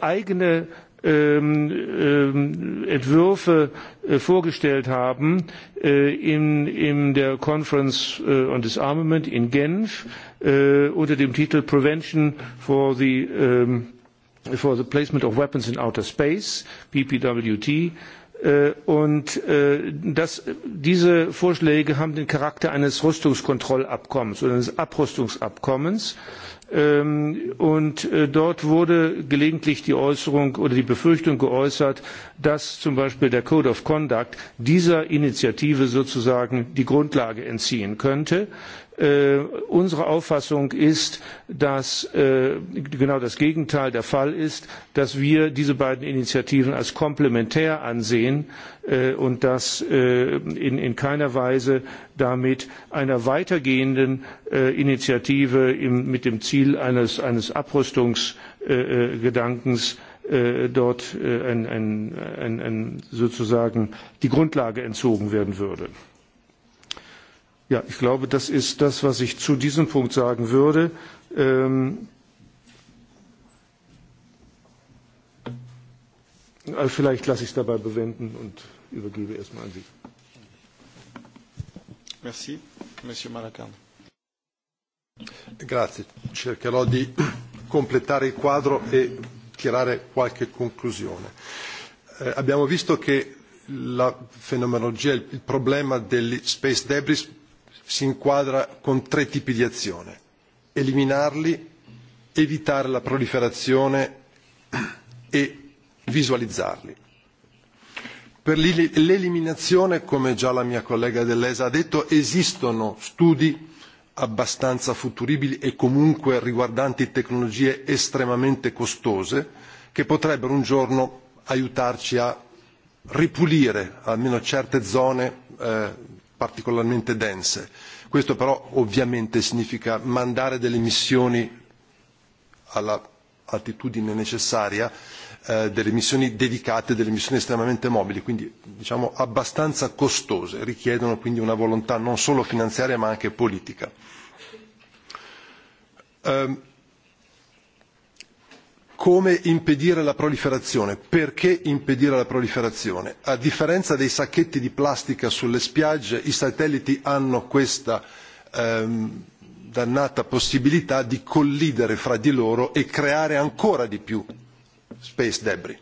eigene Entwürfe vorgestellt haben in, der Conference on Disarmament in Genf unter dem Titel Prevention for the, Placement of Weapons in Outer Space, PPWT. Und diese Vorschläge haben den Charakter eines Rüstungskontrollabkommens oder eines Abrüstungsabkommens. Und dort wurde gelegentlich die Äußerung oder die Befürchtung geäußert, dass zum Beispiel der Code of Conduct dieser Initiative sozusagen die Grundlage entziehen könnte unsere Auffassung ist, dass genau das Gegenteil der Fall ist, dass wir diese beiden Initiativen als komplementär ansehen und dass in, keiner Weise damit einer weitergehenden Initiative mit dem Ziel eines, Abrüstungsgedankens dort sozusagen die Grundlage entzogen werden würde. Ja, ich glaube, das ist das, was ich zu diesem Punkt sagen würde. vielleicht lasse ich es dabei bewenden und übergebe erstmal an Sie. Merci, Monsieur Malacan. Grazie. Cercherò di completare il quadro e tirare qualche conclusione. Eh, abbiamo visto che la fenomenologia, il problema degli space debris si inquadra con tre tipi di azione eliminarli, evitare la proliferazione e visualizzarli. Per l'eliminazione, come già la mia collega Dell'ESA ha detto, esistono studi abbastanza futuribili e comunque riguardanti tecnologie estremamente costose che potrebbero un giorno aiutarci a ripulire almeno certe zone particolarmente dense. Questo però ovviamente significa mandare delle missioni all'altitudine necessaria, delle missioni dedicate, delle missioni estremamente mobili, quindi diciamo abbastanza costose, richiedono quindi una volontà non solo finanziaria ma anche politica come impedire la proliferazione perché impedire la proliferazione? a differenza dei sacchetti di plastica sulle spiagge i satelliti hanno questa dannata possibilità di collidere fra di loro e creare ancora di più space debris.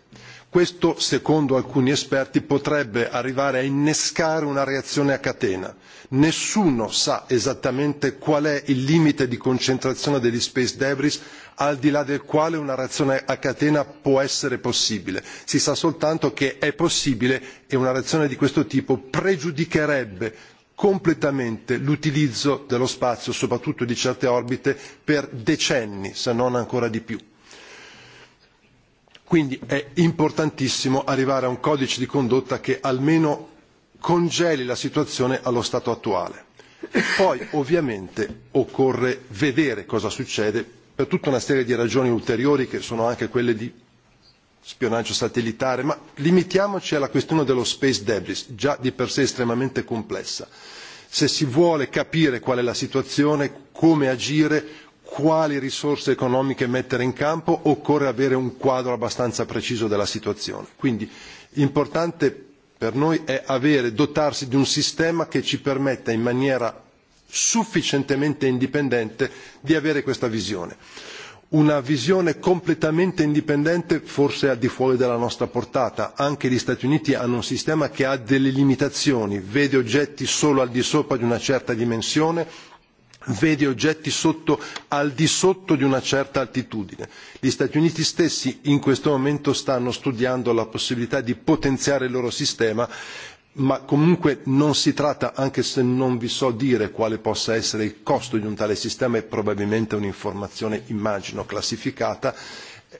Questo, secondo alcuni esperti, potrebbe arrivare a innescare una reazione a catena. Nessuno sa esattamente qual è il limite di concentrazione degli space debris al di là del quale una reazione a catena può essere possibile. Si sa soltanto che è possibile e una reazione di questo tipo pregiudicherebbe completamente l'utilizzo dello spazio, soprattutto di certe orbite, per decenni, se non ancora di più Quindi è importantissimo arrivare a un codice di condotta che almeno congeli la situazione allo stato attuale. Poi ovviamente occorre vedere cosa succede per tutta una serie di ragioni ulteriori che sono anche quelle di spionaggio satellitare, ma limitiamoci alla questione dello space debris, già di per sé estremamente complessa. Se si vuole capire qual è la situazione, come agire, quali risorse economiche mettere in campo, occorre avere un quadro abbastanza preciso della situazione. Quindi importante per noi è avere, dotarsi di un sistema che ci permetta in maniera sufficientemente indipendente di avere questa visione. Una visione completamente indipendente forse al di fuori della nostra portata. Anche gli Stati Uniti hanno un sistema che ha delle limitazioni, vede oggetti solo al di sopra di una certa dimensione, vede oggetti sotto, al di sotto di una certa altitudine. Gli Stati Uniti stessi in questo momento stanno studiando la possibilità di potenziare il loro sistema ma comunque non si tratta, anche se non vi so dire quale possa essere il costo di un tale sistema, è probabilmente un'informazione, immagino, classificata,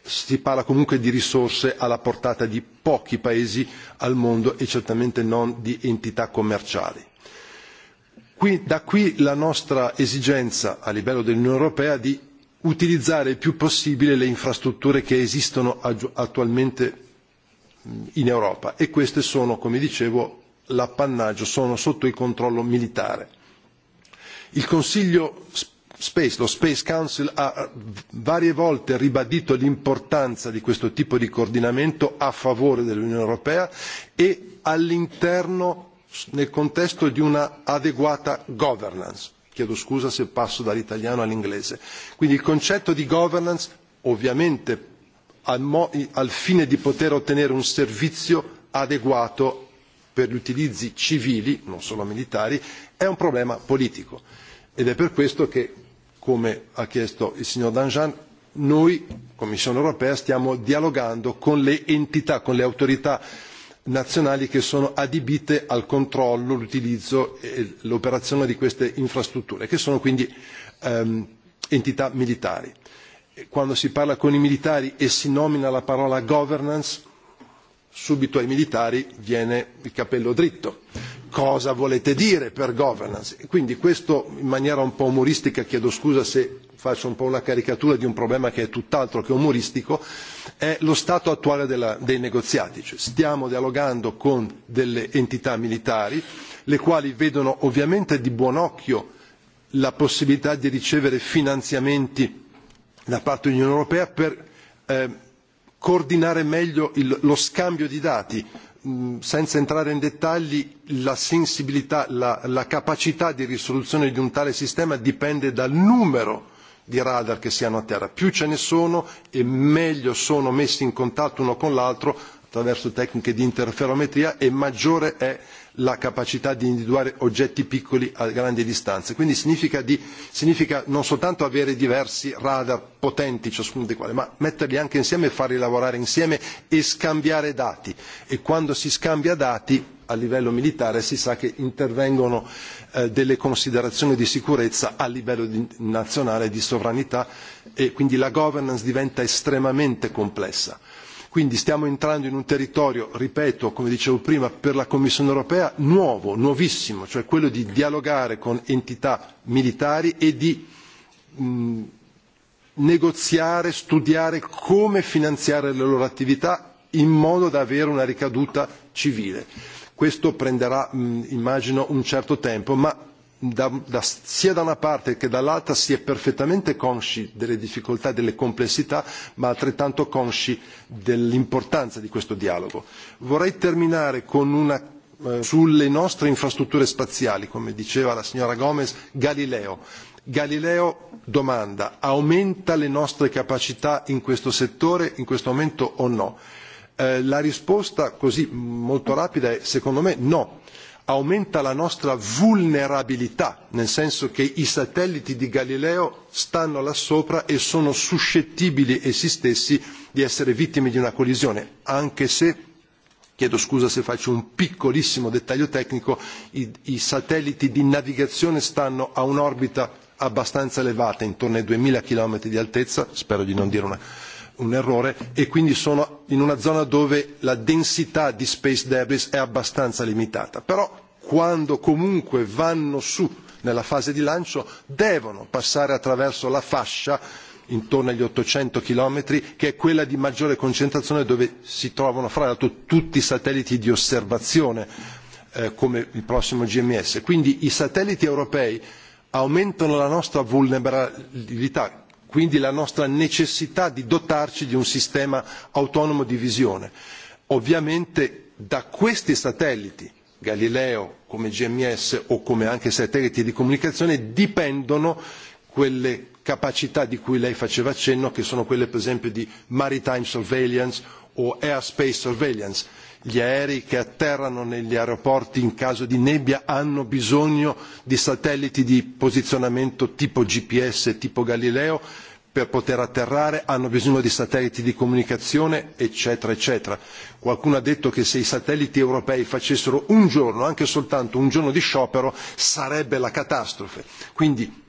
si parla comunque di risorse alla portata di pochi paesi al mondo e certamente non di entità commerciali da qui la nostra esigenza a livello dell'Unione Europea di utilizzare il più possibile le infrastrutture che esistono attualmente in Europa e queste sono, come dicevo, l'appannaggio, sono sotto il controllo militare. Il Consiglio Space, lo Space Council, ha varie volte ribadito l'importanza di questo tipo di coordinamento a favore dell'Unione Europea e all'interno nel contesto di una adeguata governance. Chiedo scusa se passo dall'italiano all'inglese. Quindi il concetto di governance, ovviamente al, fine di poter ottenere un servizio adeguato per gli utilizzi civili, non solo militari, è un problema politico. Ed è per questo che, come ha chiesto il signor Danjean, noi, Commissione europea, stiamo dialogando con le entità, con le autorità nazionali che sono adibite al controllo, l'utilizzo e l'operazione di queste infrastrutture, che sono quindi entità militari. Quando si parla con i militari e si nomina la parola governance, subito ai militari viene il capello dritto. Cosa volete dire per governance? Quindi questo in maniera un po' umoristica, chiedo scusa se faccio un po' una caricatura di un problema che è tutt'altro che umoristico, è lo stato attuale dei negoziati. Cioè, stiamo dialogando con delle entità militari, le quali vedono ovviamente di buon occhio la possibilità di ricevere finanziamenti da parte dell'Unione Europea per coordinare meglio lo scambio di dati senza entrare in dettagli la sensibilità la capacità di risoluzione di un tale sistema dipende dal numero di radar che siano a terra. Più ce ne sono e meglio sono messi in contatto uno con l'altro attraverso tecniche di interferometria e maggiore è la capacità di individuare oggetti piccoli a grandi distanze. Quindi significa, di, significa non soltanto avere diversi radar potenti, ciascuno dei quali, ma metterli anche insieme e farli lavorare insieme e scambiare dati. E quando si scambia dati a livello militare si sa che intervengono delle considerazioni di sicurezza a livello nazionale di sovranità e quindi la governance diventa estremamente complessa. Quindi stiamo entrando in un territorio, ripeto, come dicevo prima, per la Commissione europea nuovo, nuovissimo, cioè quello di dialogare con entità militari e di negoziare, studiare come finanziare le loro attività in modo da avere una ricaduta civile Questo prenderà, immagino, un certo tempo, ma sia da una parte che dall'altra si è perfettamente consci delle difficoltà e delle complessità, ma altrettanto consci dell'importanza di questo dialogo. Vorrei terminare con una sulle nostre infrastrutture spaziali, come diceva la signora Gomez, Galileo. Galileo domanda aumenta le nostre capacità in questo settore in questo momento o no? la risposta così molto rapida è secondo me no aumenta la nostra vulnerabilità, nel senso che i satelliti di Galileo stanno là sopra e sono suscettibili essi stessi di essere vittime di una collisione, anche se chiedo scusa se faccio un piccolissimo dettaglio tecnico i, satelliti di navigazione stanno a un'orbita abbastanza elevata, intorno ai duemila chilometri di altezza, spero di non dire una un errore e quindi sono in una zona dove la densità di space debris è abbastanza limitata. Però quando comunque vanno su nella fase di lancio devono passare attraverso la fascia intorno agli ottocento chilometri, che è quella di maggiore concentrazione dove si trovano fra l'altro tutti i satelliti di osservazione come il prossimo GMS. Quindi i satelliti europei aumentano la nostra vulnerabilità quindi la nostra necessità di dotarci di un sistema autonomo di visione. Ovviamente da questi satelliti, Galileo come GMS o come anche satelliti di comunicazione, dipendono quelle capacità di cui lei faceva cenno, che sono quelle per esempio di maritime surveillance o airspace surveillance Gli aerei che atterrano negli aeroporti in caso di nebbia hanno bisogno di satelliti di posizionamento tipo GPS, tipo Galileo per poter atterrare, hanno bisogno di satelliti di comunicazione, eccetera, eccetera. Qualcuno ha detto che se i satelliti europei facessero un giorno, anche soltanto un giorno di sciopero, sarebbe la catastrofe. Quindi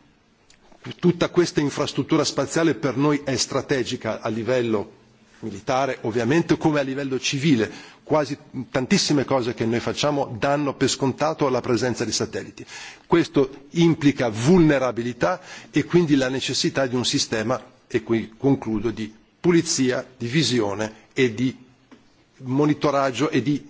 tutta questa infrastruttura spaziale per noi è strategica a livello militare, ovviamente come a livello civile, quasi tantissime cose che noi facciamo danno per scontato la presenza di satelliti. Questo implica vulnerabilità e quindi la necessità di un sistema, e qui concludo, di pulizia, di visione e di monitoraggio e di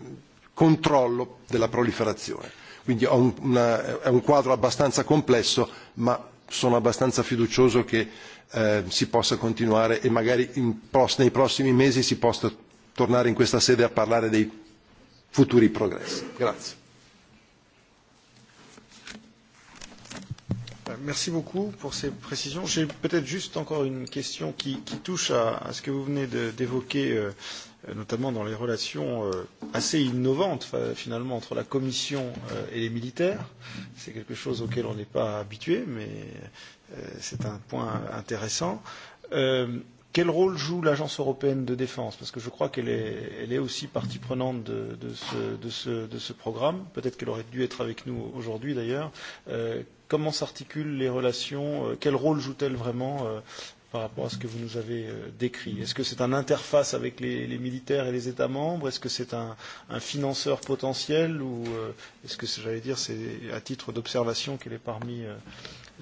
controllo della proliferazione. Quindi è un quadro abbastanza complesso, ma sono abbastanza fiducioso che eh, si possa continuare e magari in, nei prossimi mesi si possa tornare in questa sede a parlare dei futuri progressi. Grazie. Merci beaucoup pour ces précisions. J'ai peut-être juste encore une question qui, qui touche à, à ce que vous venez d'évoquer euh, notamment dans les relations assez innovantes finalement entre la Commission et les militaires. C'est quelque chose auquel on n'est pas habitué, mais c'est un point intéressant. Quel rôle joue l'Agence européenne de défense Parce que je crois qu'elle est, elle est aussi partie prenante de, de, ce, de, ce, de ce programme. Peut-être qu'elle aurait dû être avec nous aujourd'hui d'ailleurs. Euh, comment s'articulent les relations Quel rôle joue-t-elle vraiment par rapport à ce que vous nous avez décrit Est-ce que c'est un interface avec les, les militaires et les États membres Est-ce que c'est un, un financeur potentiel Ou est-ce que, j'allais dire, c'est à titre d'observation qu'elle est parmi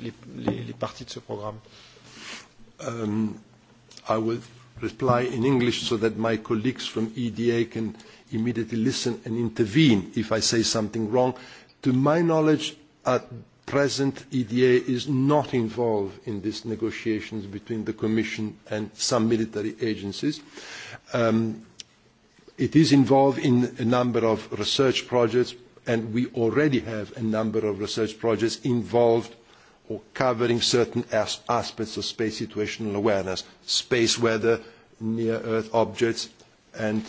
les, les, les parties de ce programme um, I will reply in English so that my colleagues from EDA can immediately listen and intervene if I say something wrong. To my knowledge, at present EDA is not involved in these negotiations between the Commission and some military agencies. it is involved in a number of research projects, and we already have a number of research projects involved or covering certain aspects of space situational awareness, space weather, near-Earth objects, and,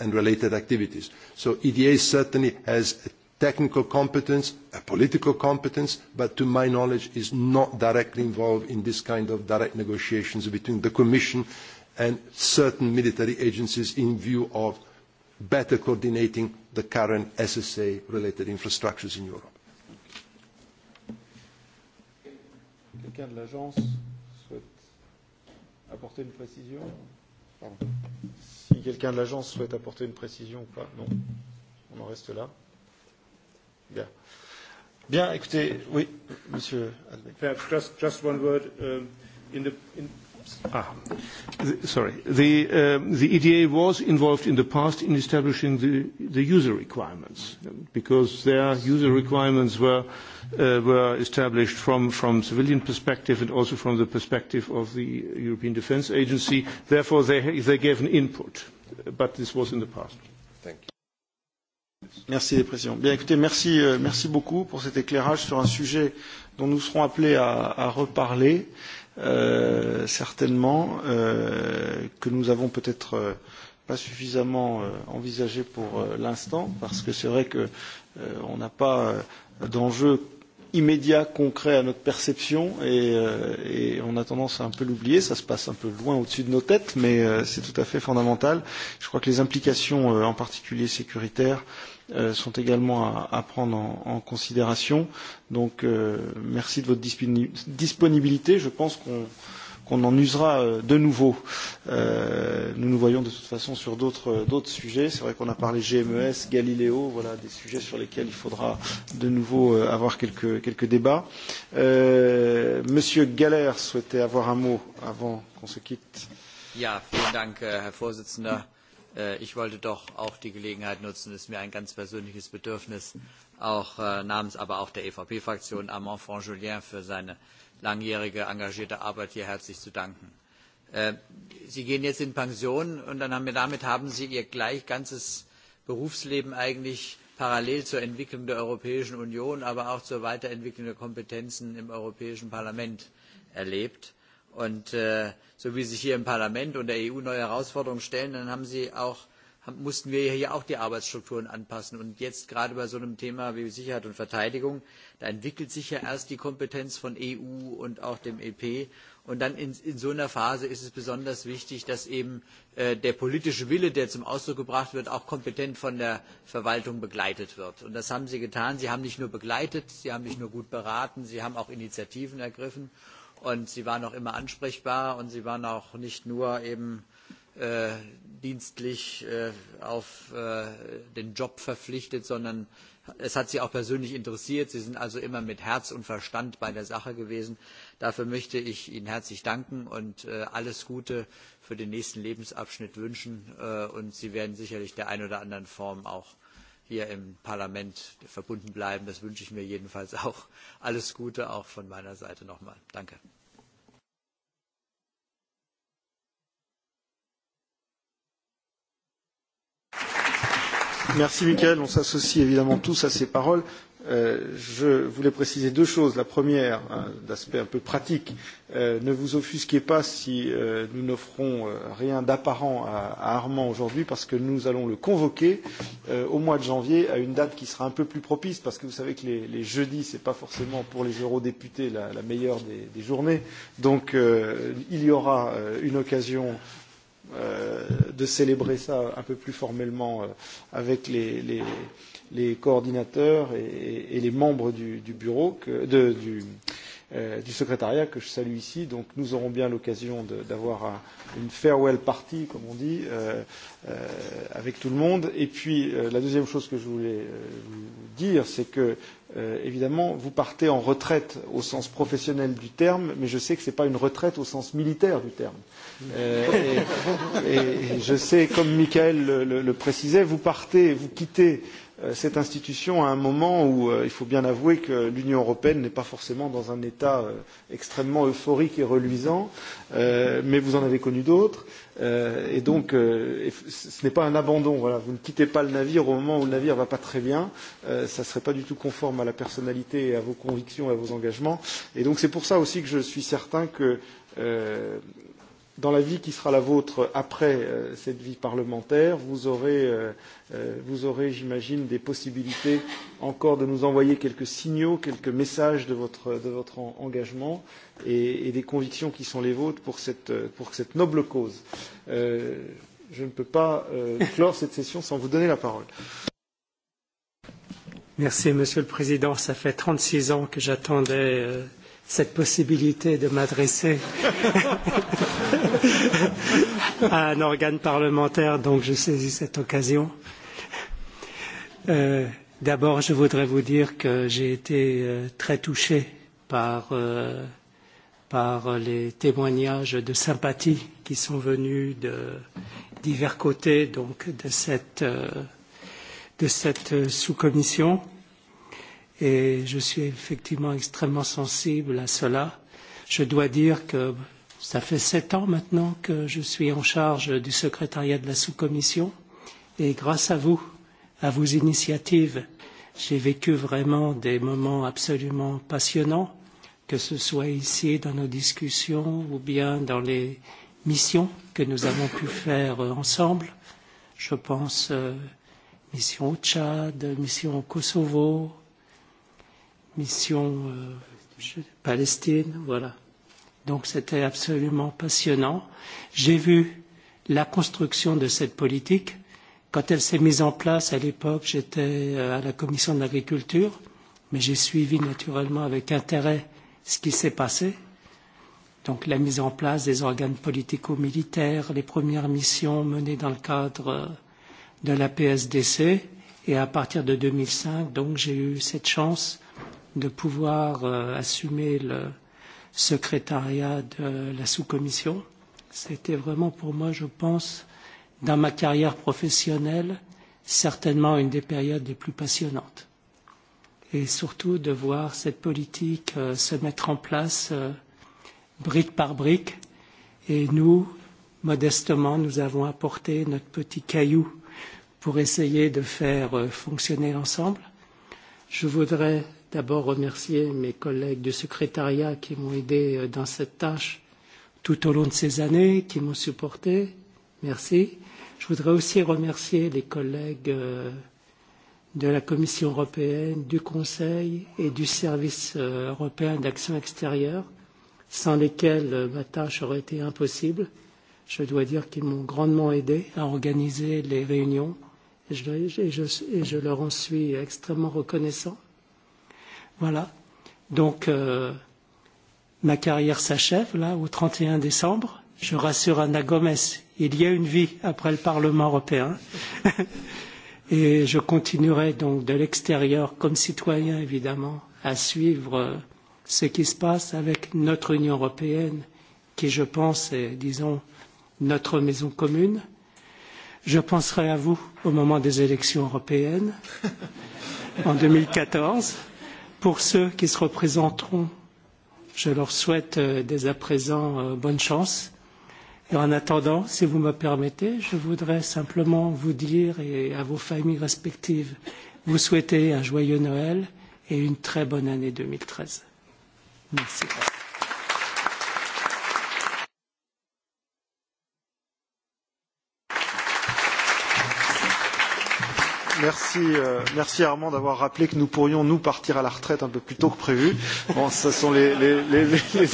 related activities. So EDA certainly has a technical competence, a political competence, but to my knowledge is not directly involved in this kind of direct negotiations between the Commission and certain military agencies in view of better coordinating the current SSA-related infrastructures in Europe. Quelqu'un de l'agence souhaite apporter une précision Si quelqu'un de l'agence souhaite apporter une précision ou pas, non. On en reste là. Yeah. Bien, écoutez, oui, monsieur Admet. Perhaps just, just one word. Um, in the, in Ah, the, sorry. The, um, the EDA was involved in the past in establishing the, the user requirements because their user requirements were, uh, were established from, from civilian perspective and also from the perspective of the European Defence Agency. Therefore, they, they gave an input, but this was in the past. Merci, Président. Bien, écoutez, merci, merci beaucoup pour cet éclairage sur un sujet dont nous serons appelés à, à reparler, euh, certainement, euh, que nous avons peut-être euh, pas suffisamment euh, envisagé pour euh, l'instant, parce que c'est vrai qu'on euh, n'a pas euh, d'enjeu immédiat, concret à notre perception et, euh, et on a tendance à un peu l'oublier. Ça se passe un peu loin au-dessus de nos têtes, mais euh, c'est tout à fait fondamental. Je crois que les implications, euh, en particulier sécuritaires, sont également à, à prendre en, en considération. Donc euh, merci de votre disponibilité. Je pense qu'on en usera de nouveau. Euh, nous nous voyons de toute façon sur d'autres sujets. C'est vrai qu'on a parlé GMES, Galiléo, voilà des sujets sur lesquels il faudra de nouveau avoir quelques, quelques débats. Euh, Monsieur Galère souhaitait avoir un mot avant qu'on se quitte. Ja, vielen Dank, Herr Vorsitzender ich wollte doch auch die Gelegenheit nutzen, es ist mir ein ganz persönliches Bedürfnis, auch namens aber auch der EVP-Fraktion Armand Franjulien für seine langjährige engagierte Arbeit hier herzlich zu danken. Sie gehen jetzt in Pension und dann haben wir, damit haben Sie Ihr gleich ganzes Berufsleben eigentlich parallel zur Entwicklung der Europäischen Union, aber auch zur Weiterentwicklung der Kompetenzen im Europäischen Parlament erlebt Und so wie Sie sich hier im Parlament und der EU neue Herausforderungen stellen, dann mussten wir hier auch die Arbeitsstrukturen anpassen. Und jetzt gerade bei so einem Thema wie Sicherheit und Verteidigung, da entwickelt sich ja erst die Kompetenz von EU und auch dem EP. Und dann in, so einer Phase ist es besonders wichtig, dass eben der politische Wille, der zum Ausdruck gebracht wird, auch kompetent von der Verwaltung begleitet wird. Und das haben Sie getan. Sie haben nicht nur begleitet, Sie haben nicht nur gut beraten, Sie haben auch Initiativen ergriffen. Und Sie waren auch immer ansprechbar und Sie waren auch nicht nur eben dienstlich auf den Job verpflichtet, sondern es hat Sie auch persönlich interessiert. Sie sind also immer mit Herz und Verstand bei der Sache gewesen. Dafür möchte ich Ihnen herzlich danken und alles Gute für den nächsten Lebensabschnitt wünschen. und Sie werden sicherlich der einen oder anderen Form auch wir im Parlament verbunden bleiben. Das wünsche ich mir jedenfalls auch. Alles Gute auch von meiner Seite nochmal. Danke. Merci Michael, on s'associe évidemment tous à ces paroles je voulais préciser deux choses. La première, d'aspect un peu pratique, ne vous offusquez pas si nous n'offrons rien d'apparent à, Armand aujourd'hui, parce que nous allons le convoquer au mois de janvier à une date qui sera un peu plus propice, parce que vous savez que les, les jeudis, ce n'est pas forcément pour les eurodéputés la, la meilleure des, des journées. Donc il y aura une occasion de célébrer ça un peu plus formellement avec les, les les coordinateurs et, et les membres du, du bureau que, de, du, euh, du secrétariat que je salue ici. Donc nous aurons bien l'occasion d'avoir un, une farewell party, comme on dit, euh, euh, avec tout le monde. Et puis euh, la deuxième chose que je voulais euh, vous dire, c'est que euh, évidemment vous partez en retraite au sens professionnel du terme, mais je sais que ce n'est pas une retraite au sens militaire du terme. Euh, et, et je sais, comme Michael le, le, le précisait, vous partez, vous quittez euh, cette institution à un moment où il faut bien avouer que l'Union européenne n'est pas forcément dans un état extrêmement euphorique et reluisant, mais vous en avez connu d'autres. et donc, ce n'est pas un abandon. Voilà. Vous ne quittez pas le navire au moment où le navire ne va pas très bien. Euh, ça ne serait pas du tout conforme à la personnalité et à vos convictions et à vos engagements. Et donc, c'est pour ça aussi que je suis certain que dans la vie qui sera la vôtre après cette vie parlementaire, vous aurez, vous aurez j'imagine, des possibilités encore de nous envoyer quelques signaux, quelques messages de votre, de votre engagement et, et des convictions qui sont les vôtres pour cette, pour cette noble cause. Euh, je ne peux pas euh, clore cette session sans vous donner la parole. Merci, Monsieur le Président. Ça fait 36 ans que j'attendais euh, cette possibilité de m'adresser à un organe parlementaire, donc je saisis cette occasion. D'abord, je voudrais vous dire que j'ai été très touché par, les témoignages de sympathie qui sont venus de divers côtés donc, de cette, de cette sous-commission. Et je suis effectivement extrêmement sensible à cela. Je dois dire que Ça fait sept ans maintenant que je suis en charge du secrétariat de la sous-commission et grâce à vous, à vos initiatives, j'ai vécu vraiment des moments absolument passionnants, que ce soit ici dans nos discussions ou bien dans les missions que nous avons pu faire ensemble. Je pense euh, mission au Tchad, mission au Kosovo, mission euh, Palestine, voilà. Donc c'était absolument passionnant. J'ai vu la construction de cette politique. Quand elle s'est mise en place, à l'époque, j'étais à la commission de l'agriculture, mais j'ai suivi naturellement avec intérêt ce qui s'est passé. Donc la mise en place des organes politico-militaires, les premières missions menées dans le cadre de la PSDC. Et à partir de 2005, donc, j'ai eu cette chance de pouvoir assumer le, secrétariat de la sous-commission. C'était vraiment pour moi, je pense, dans ma carrière professionnelle, certainement une des périodes les plus passionnantes. Et surtout de voir cette politique se mettre en place brique par brique. Et nous, modestement, nous avons apporté notre petit caillou pour essayer de faire fonctionner l'ensemble. Je voudrais d'abord remercier mes collègues du secrétariat qui m'ont aidé dans cette tâche tout au long de ces années, qui m'ont supporté. Merci. Je voudrais aussi remercier les collègues de la Commission européenne, du Conseil et du Service européen d'action extérieure, sans lesquels ma tâche aurait été impossible. Je dois dire qu'ils m'ont grandement aidé à organiser les réunions et je, leur en suis extrêmement reconnaissant. Voilà. Donc, euh, ma carrière s'achève, là, au 31 décembre. Je rassure Anna Gomes, il y a une vie après le Parlement européen. Et je continuerai donc de l'extérieur, comme citoyen évidemment, à suivre ce qui se passe avec notre Union européenne, qui, je pense, est, disons, notre maison commune. Je penserai à vous au moment des élections européennes en deux mille quatorze Pour ceux qui se représenteront, je leur souhaite dès à présent bonne chance. Et en attendant, si vous me permettez, je voudrais simplement vous dire et à vos familles respectives, vous souhaiter un joyeux Noël et une très bonne année 2013. Merci. Merci, Armand d'avoir rappelé que nous pourrions nous partir à la retraite un peu plus tôt que prévu. Bon, ce sont les,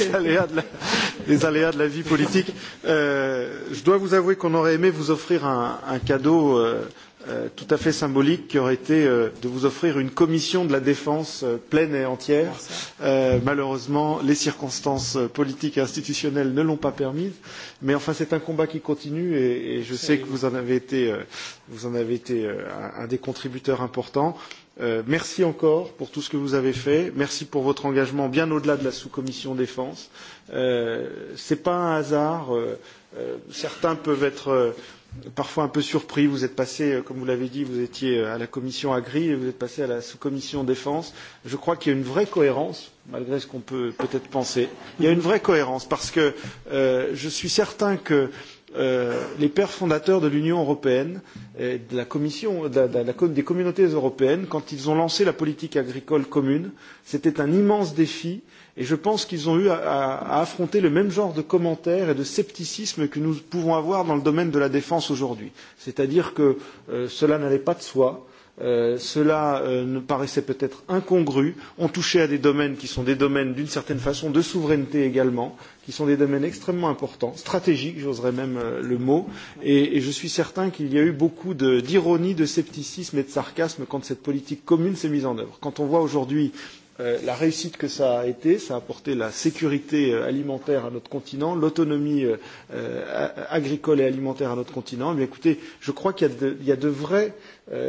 aléas de la, vie politique. je dois vous avouer qu'on aurait aimé vous offrir un, cadeau tout à fait symbolique qui aurait été de vous offrir une commission de la défense pleine et entière. malheureusement, les circonstances politiques et institutionnelles ne l'ont pas permis. Mais enfin, c'est un combat qui continue et, je sais que vous en avez été, un des contributeurs importants merci encore pour tout ce que vous avez fait. Merci pour votre engagement bien au-delà de la sous-commission défense. ce n'est pas un hasard. certains peuvent être parfois un peu surpris. Vous êtes passé, comme vous l'avez dit, vous étiez à la commission Agri et vous êtes passé à la sous-commission Défense. Je crois qu'il y a une vraie cohérence, malgré ce qu'on peut peut-être penser. Il y a une vraie cohérence parce que je suis certain que les pères fondateurs de l'Union européenne, et de la Commission, des communautés européennes, quand ils ont lancé la politique agricole commune, c'était un immense défi et je pense qu'ils ont eu à, affronter le même genre de commentaires et de scepticisme que nous pouvons avoir dans le domaine de la défense aujourd'hui. C'est-à-dire que cela n'allait pas de soi, cela ne paraissait peut-être incongru. On touchait à des domaines qui sont des domaines d'une certaine façon de souveraineté également, qui sont des domaines extrêmement importants, stratégiques, j'oserais même le mot, et, je suis certain qu'il y a eu beaucoup d'ironie, de scepticisme et de sarcasme quand cette politique commune s'est mise en œuvre. Quand on voit aujourd'hui la réussite que cela a été, cela a apporté la sécurité alimentaire à notre continent, l'autonomie agricole et alimentaire à notre continent. Mais écoutez, je crois qu'il y, a de vraies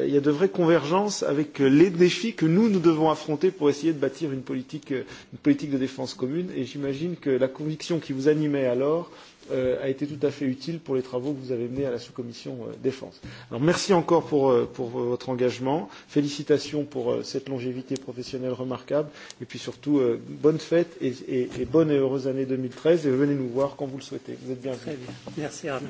il y a de vraies convergences avec les défis que nous, nous devons affronter pour essayer de bâtir une politique, de défense commune. Et j'imagine que la conviction qui vous animait alors a été tout à fait utile pour les travaux que vous avez menés à la sous-commission défense. Alors merci encore pour, votre engagement. Félicitations pour cette longévité professionnelle remarquable. Et puis surtout, bonne fête et, bonne et heureuse année deux mille treize, Et venez nous voir quand vous le souhaitez. Vous êtes bienvenue. Merci Arnaud.